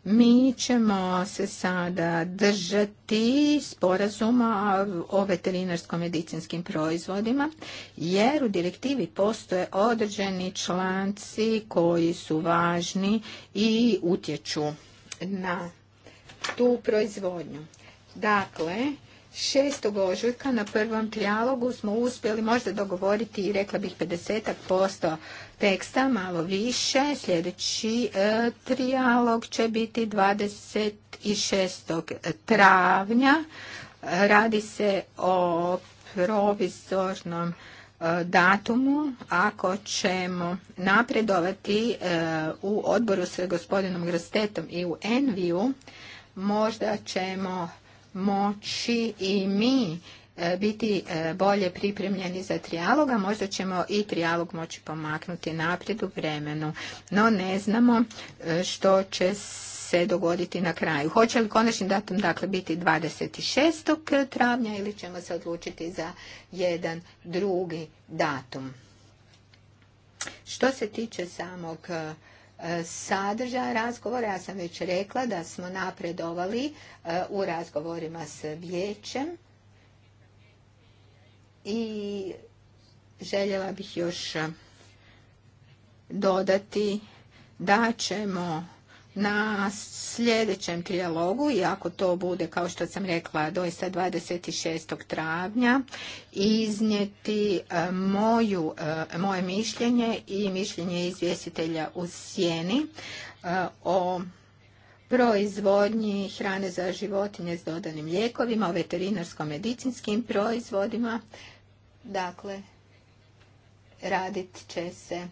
Mi ćemo se sada držati sporazuma o veterinarsko-medicinskim proizvodima, jer u direktivi postoje određeni članci koji su važni i utječu na tu proizvodnju. Dakle, 6. ožujka na prvom trijalogu smo uspjeli možda dogovoriti, rekla bih, 50% teksta, malo više. Sljedeći e, trijalog će biti 26. travnja. Radi se o provizornom e, datumu ako ćemo napredovati e, u odboru sa gospodinom Grostetom i u Enviju možda ćemo moći i mi e, biti e, bolje pripremljeni za trijalog, a možda ćemo i trijalog moći pomaknuti naprijed u vremenu. No ne znamo e, što će se dogoditi na kraju. Hoće li konačni datum dakle biti 26. travnja ili ćemo se odlučiti za jedan drugi datum? Što se tiče samog sadržaja razgovora. Ja sam već rekla da smo napredovali e, u razgovorima s vijećem i željela bih još dodati da ćemo na sljedećem trijalogu i ako to bude, kao što sam rekla, doista 26. travnja, iznijeti e, e, moje mišljenje i mišljenje izvjestitelja u sjeni e, o proizvodnji hrane za životinje s dodanim lijekovima, o veterinarsko-medicinskim proizvodima. Dakle, radit će se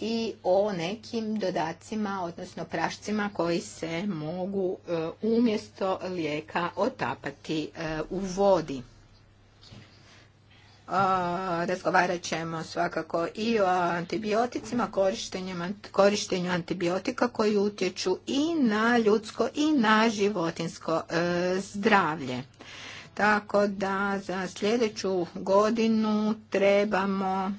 i o nekim dodacima, odnosno prašcima koji se mogu e, umjesto lijeka otapati e, u vodi. Razgovarat ćemo svakako i o antibioticima, korištenju antibiotika koji utječu i na ljudsko i na životinsko e, zdravlje. Tako da za sljedeću godinu trebamo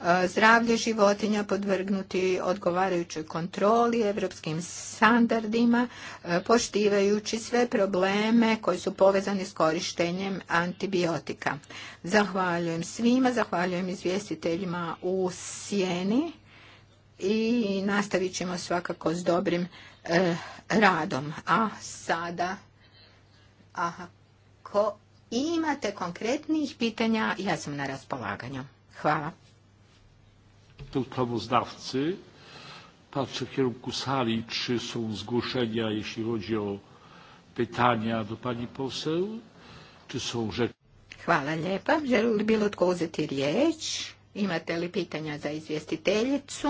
E, zdravlje životinja podvrgnuti odgovarajućoj kontroli, evropskim standardima, e, poštivajući sve probleme koji su povezani s korištenjem antibiotika. Zahvaljujem svima, zahvaljujem izvjestiteljima u sjeni i nastavit ćemo svakako s dobrim e, radom. A sada, ako imate konkretnih pitanja, ja sam na raspolaganju. Hvala sprawozdawcy. Patrzę w kierunku sali, czy są zgłoszenia, jeśli chodzi o pytania do pani poseł, czy są rzeczy. Hvala lijepa. Želi li bilo tko uzeti riječ? Imate li pitanja za izvjestiteljicu?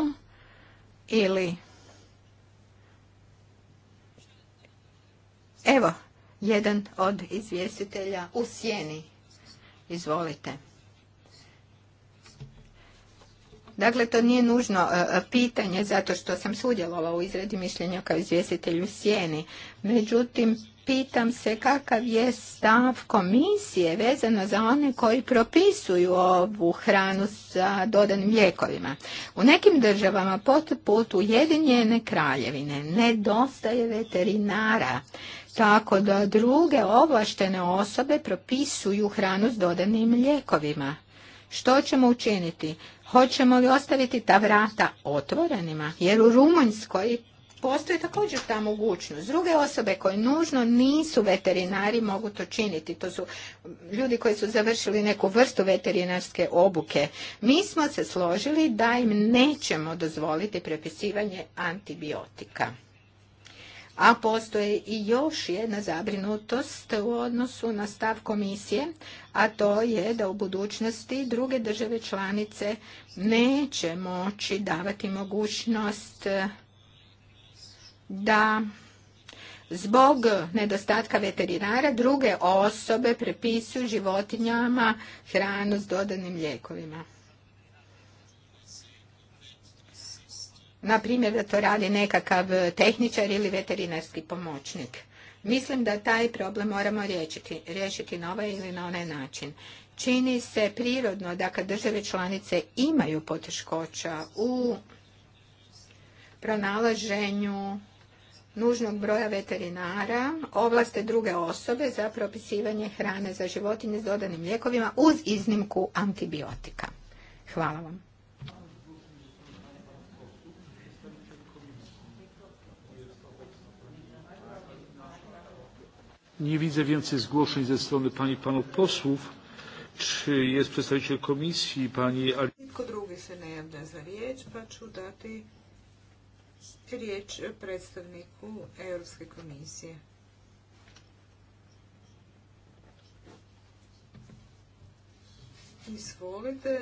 Ili... Evo, jedan od izvjestitelja u sjeni. Izvolite. Dakle, to nije nužno e, e, pitanje zato što sam sudjelovao u izradi mišljenja kao izvjestitelj u sjeni. Međutim, pitam se kakav je stav komisije vezano za one koji propisuju ovu hranu sa dodanim lijekovima. U nekim državama, potput Ujedinjene kraljevine, nedostaje veterinara tako da druge ovlaštene osobe propisuju hranu s dodanim lijekovima. Što ćemo učiniti? Hoćemo li ostaviti ta vrata otvorenima? Jer u Rumunjskoj postoji također ta mogućnost. Druge osobe koje nužno nisu veterinari mogu to činiti. To su ljudi koji su završili neku vrstu veterinarske obuke. Mi smo se složili da im nećemo dozvoliti prepisivanje antibiotika. A postoji i još jedna zabrinutost u odnosu na stav komisije, a to je da u budućnosti druge države članice neće moći davati mogućnost e, da zbog nedostatka veterinara druge osobe prepisuju životinjama hranu s dodanim ljekovima. Na da to radi nekakav tehničar ili veterinarski pomoćnik. Mislim da taj problem moramo riješiti, riješiti na ovaj ili na onaj način. Čini se prirodno da kad države članice imaju poteškoća u pronalaženju nužnog broja veterinara ovlaste druge osobe za propisivanje hrane za životinje s dodanim lijekovima uz iznimku antibiotika. Hvala vam. Nie widzę więcej zgłoszeń ze strony pani i panów posłów. Czy jest przedstawiciel komisji, pani... Nitko drugi se ne javlja za riječ, pa ću dati riječ predstavniku Europske komisije. Izvolite,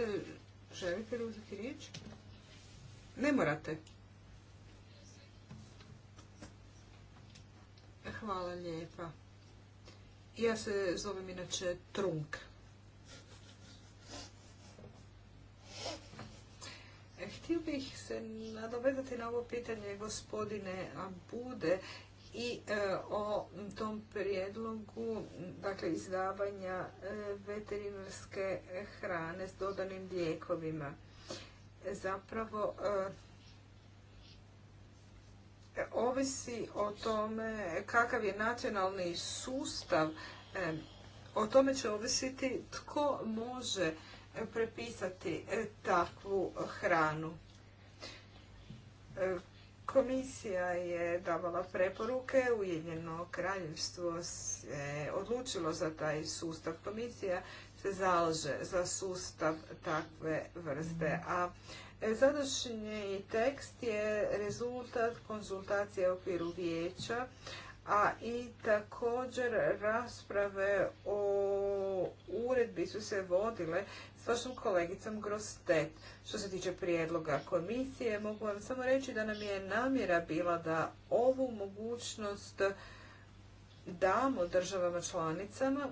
želite li uzeti riječ? Ne morate. Hvala lijepa. Ja se zovem inače Trunk. E, htio bih se nadovedati na ovo pitanje gospodine Bude i e, o tom prijedlogu dakle, izdavanja e, veterinarske hrane s dodanim lijekovima. Zapravo ovisi o tome kakav je nacionalni sustav, e, o tome će ovisiti tko može prepisati e, takvu hranu. E, komisija je davala preporuke, Ujedinjeno kraljevstvo se odlučilo za taj sustav. Komisija se zalaže za sustav takve vrste, a Sadašnji e, tekst je rezultat konzultacije u okviru vijeća, a i također rasprave o uredbi su se vodile s vašom kolegicom Grostet. Što se tiče prijedloga komisije, mogu vam samo reći da nam je namjera bila da ovu mogućnost damo državama članicama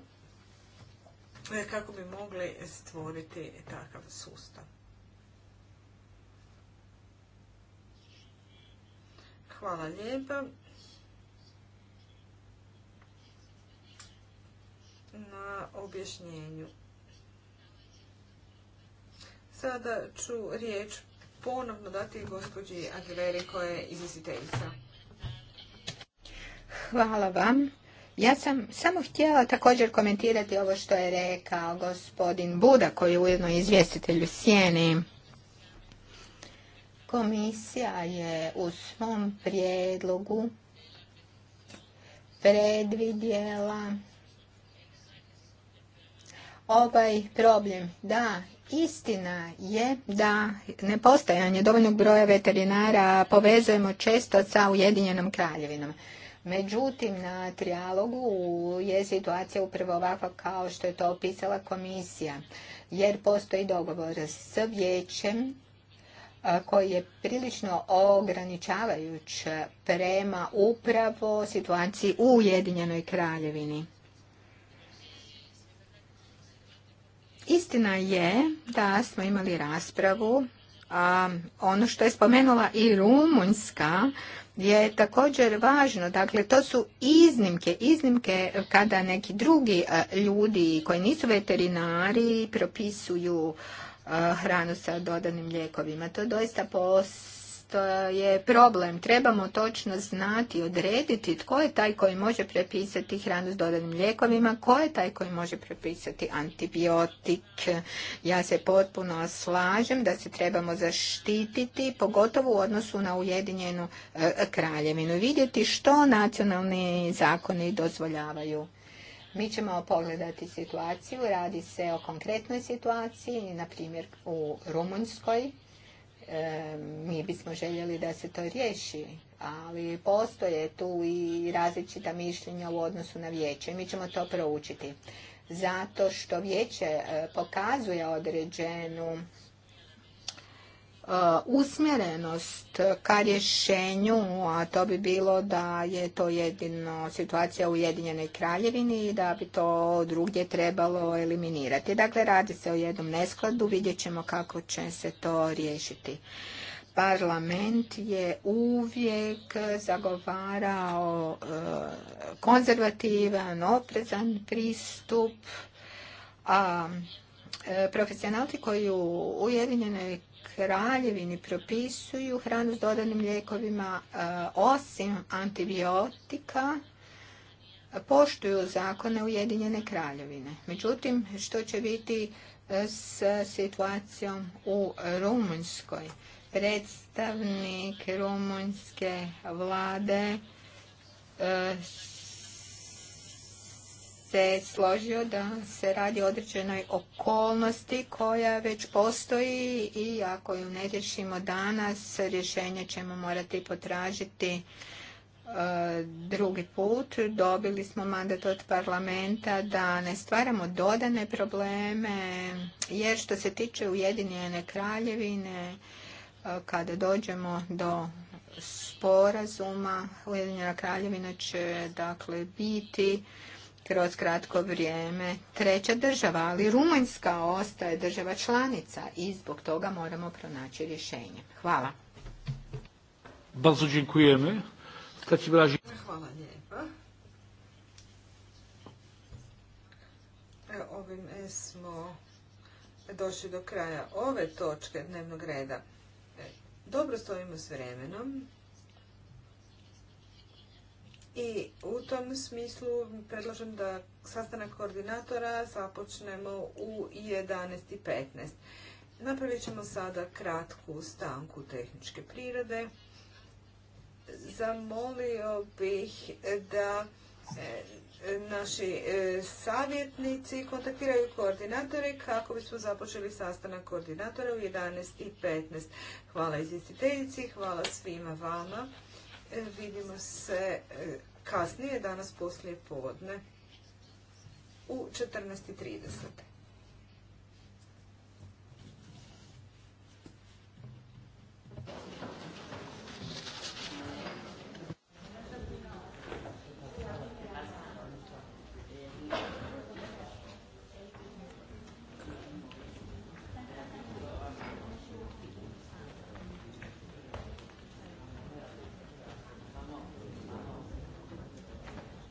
e, kako bi mogli stvoriti takav sustav. Hvala lijepa. na objašnjenju. Sada ću riječ ponovno dati gospođi Aguileri koja je izvjestiteljica. Hvala vam. Ja sam samo htjela također komentirati ovo što je rekao gospodin Buda koji je ujedno izvjestitelj u Sjeni. Komisija je u svom prijedlogu predvidjela ovaj problem. Da, istina je da nepostajanje dovoljnog broja veterinara povezujemo često sa Ujedinjenom kraljevinom. Međutim, na trijalogu je situacija upravo ovakva kao što je to opisala komisija, jer postoji dogovor s vijećem koji je prilično ograničavajuć prema upravo situaciji u Ujedinjenoj kraljevini. Istina je da smo imali raspravu, a ono što je spomenula i Rumunjska je također važno. Dakle, to su iznimke, iznimke kada neki drugi ljudi koji nisu veterinari propisuju hranu sa dodanim lijekovima. To doista je problem. Trebamo točno znati, odrediti tko je taj koji može prepisati hranu s dodanim lijekovima, tko je taj koji može prepisati antibiotik. Ja se potpuno slažem da se trebamo zaštititi, pogotovo u odnosu na Ujedinjenu e, kraljevinu. Vidjeti što nacionalni zakoni dozvoljavaju. Mi ćemo pogledati situaciju, radi se o konkretnoj situaciji, na primjer u Rumunjskoj. E, mi bismo željeli da se to riješi, ali postoje tu i različita mišljenja u odnosu na vijeće. Mi ćemo to proučiti. Zato što vijeće e, pokazuje određenu Uh, usmjerenost ka rješenju, a to bi bilo da je to jedino situacija u Ujedinjenoj kraljevini i da bi to drugdje trebalo eliminirati. Dakle, radi se o jednom neskladu, vidjet ćemo kako će se to riješiti. Parlament je uvijek zagovarao uh, konzervativan, oprezan pristup, a uh, profesionalci koji u Ujedinjenoj kraljevini propisuju hranu s dodanim ljekovima e, osim antibiotika poštuju zakone Ujedinjene kraljevine. Međutim, što će biti e, s situacijom u Rumunjskoj? Predstavnik rumunjske vlade e, se složio da se radi o određenoj okolnosti koja već postoji i ako ju ne rješimo danas, rješenje ćemo morati potražiti e, drugi put. Dobili smo mandat od parlamenta da ne stvaramo dodane probleme, jer što se tiče Ujedinjene kraljevine, e, kada dođemo do sporazuma, Ujedinjena kraljevina će dakle biti kroz kratko vrijeme treća država, ali Rumunjska ostaje država članica i zbog toga moramo pronaći rješenje. Hvala. dziękujemy. Hvala lijepa. Ovim e, smo došli do kraja ove točke dnevnog reda. E, dobro stojimo s vremenom. I u tom smislu predlažem da sastanak koordinatora započnemo u 11.15. Napravit ćemo sada kratku stanku tehničke prirode. Zamolio bih da e, naši e, savjetnici kontaktiraju koordinatore kako bismo započeli sastanak koordinatora u 11.15. Hvala izvjestiteljici, hvala svima vama. E, vidimo se e, kasnije, danas poslije podne u 14.30.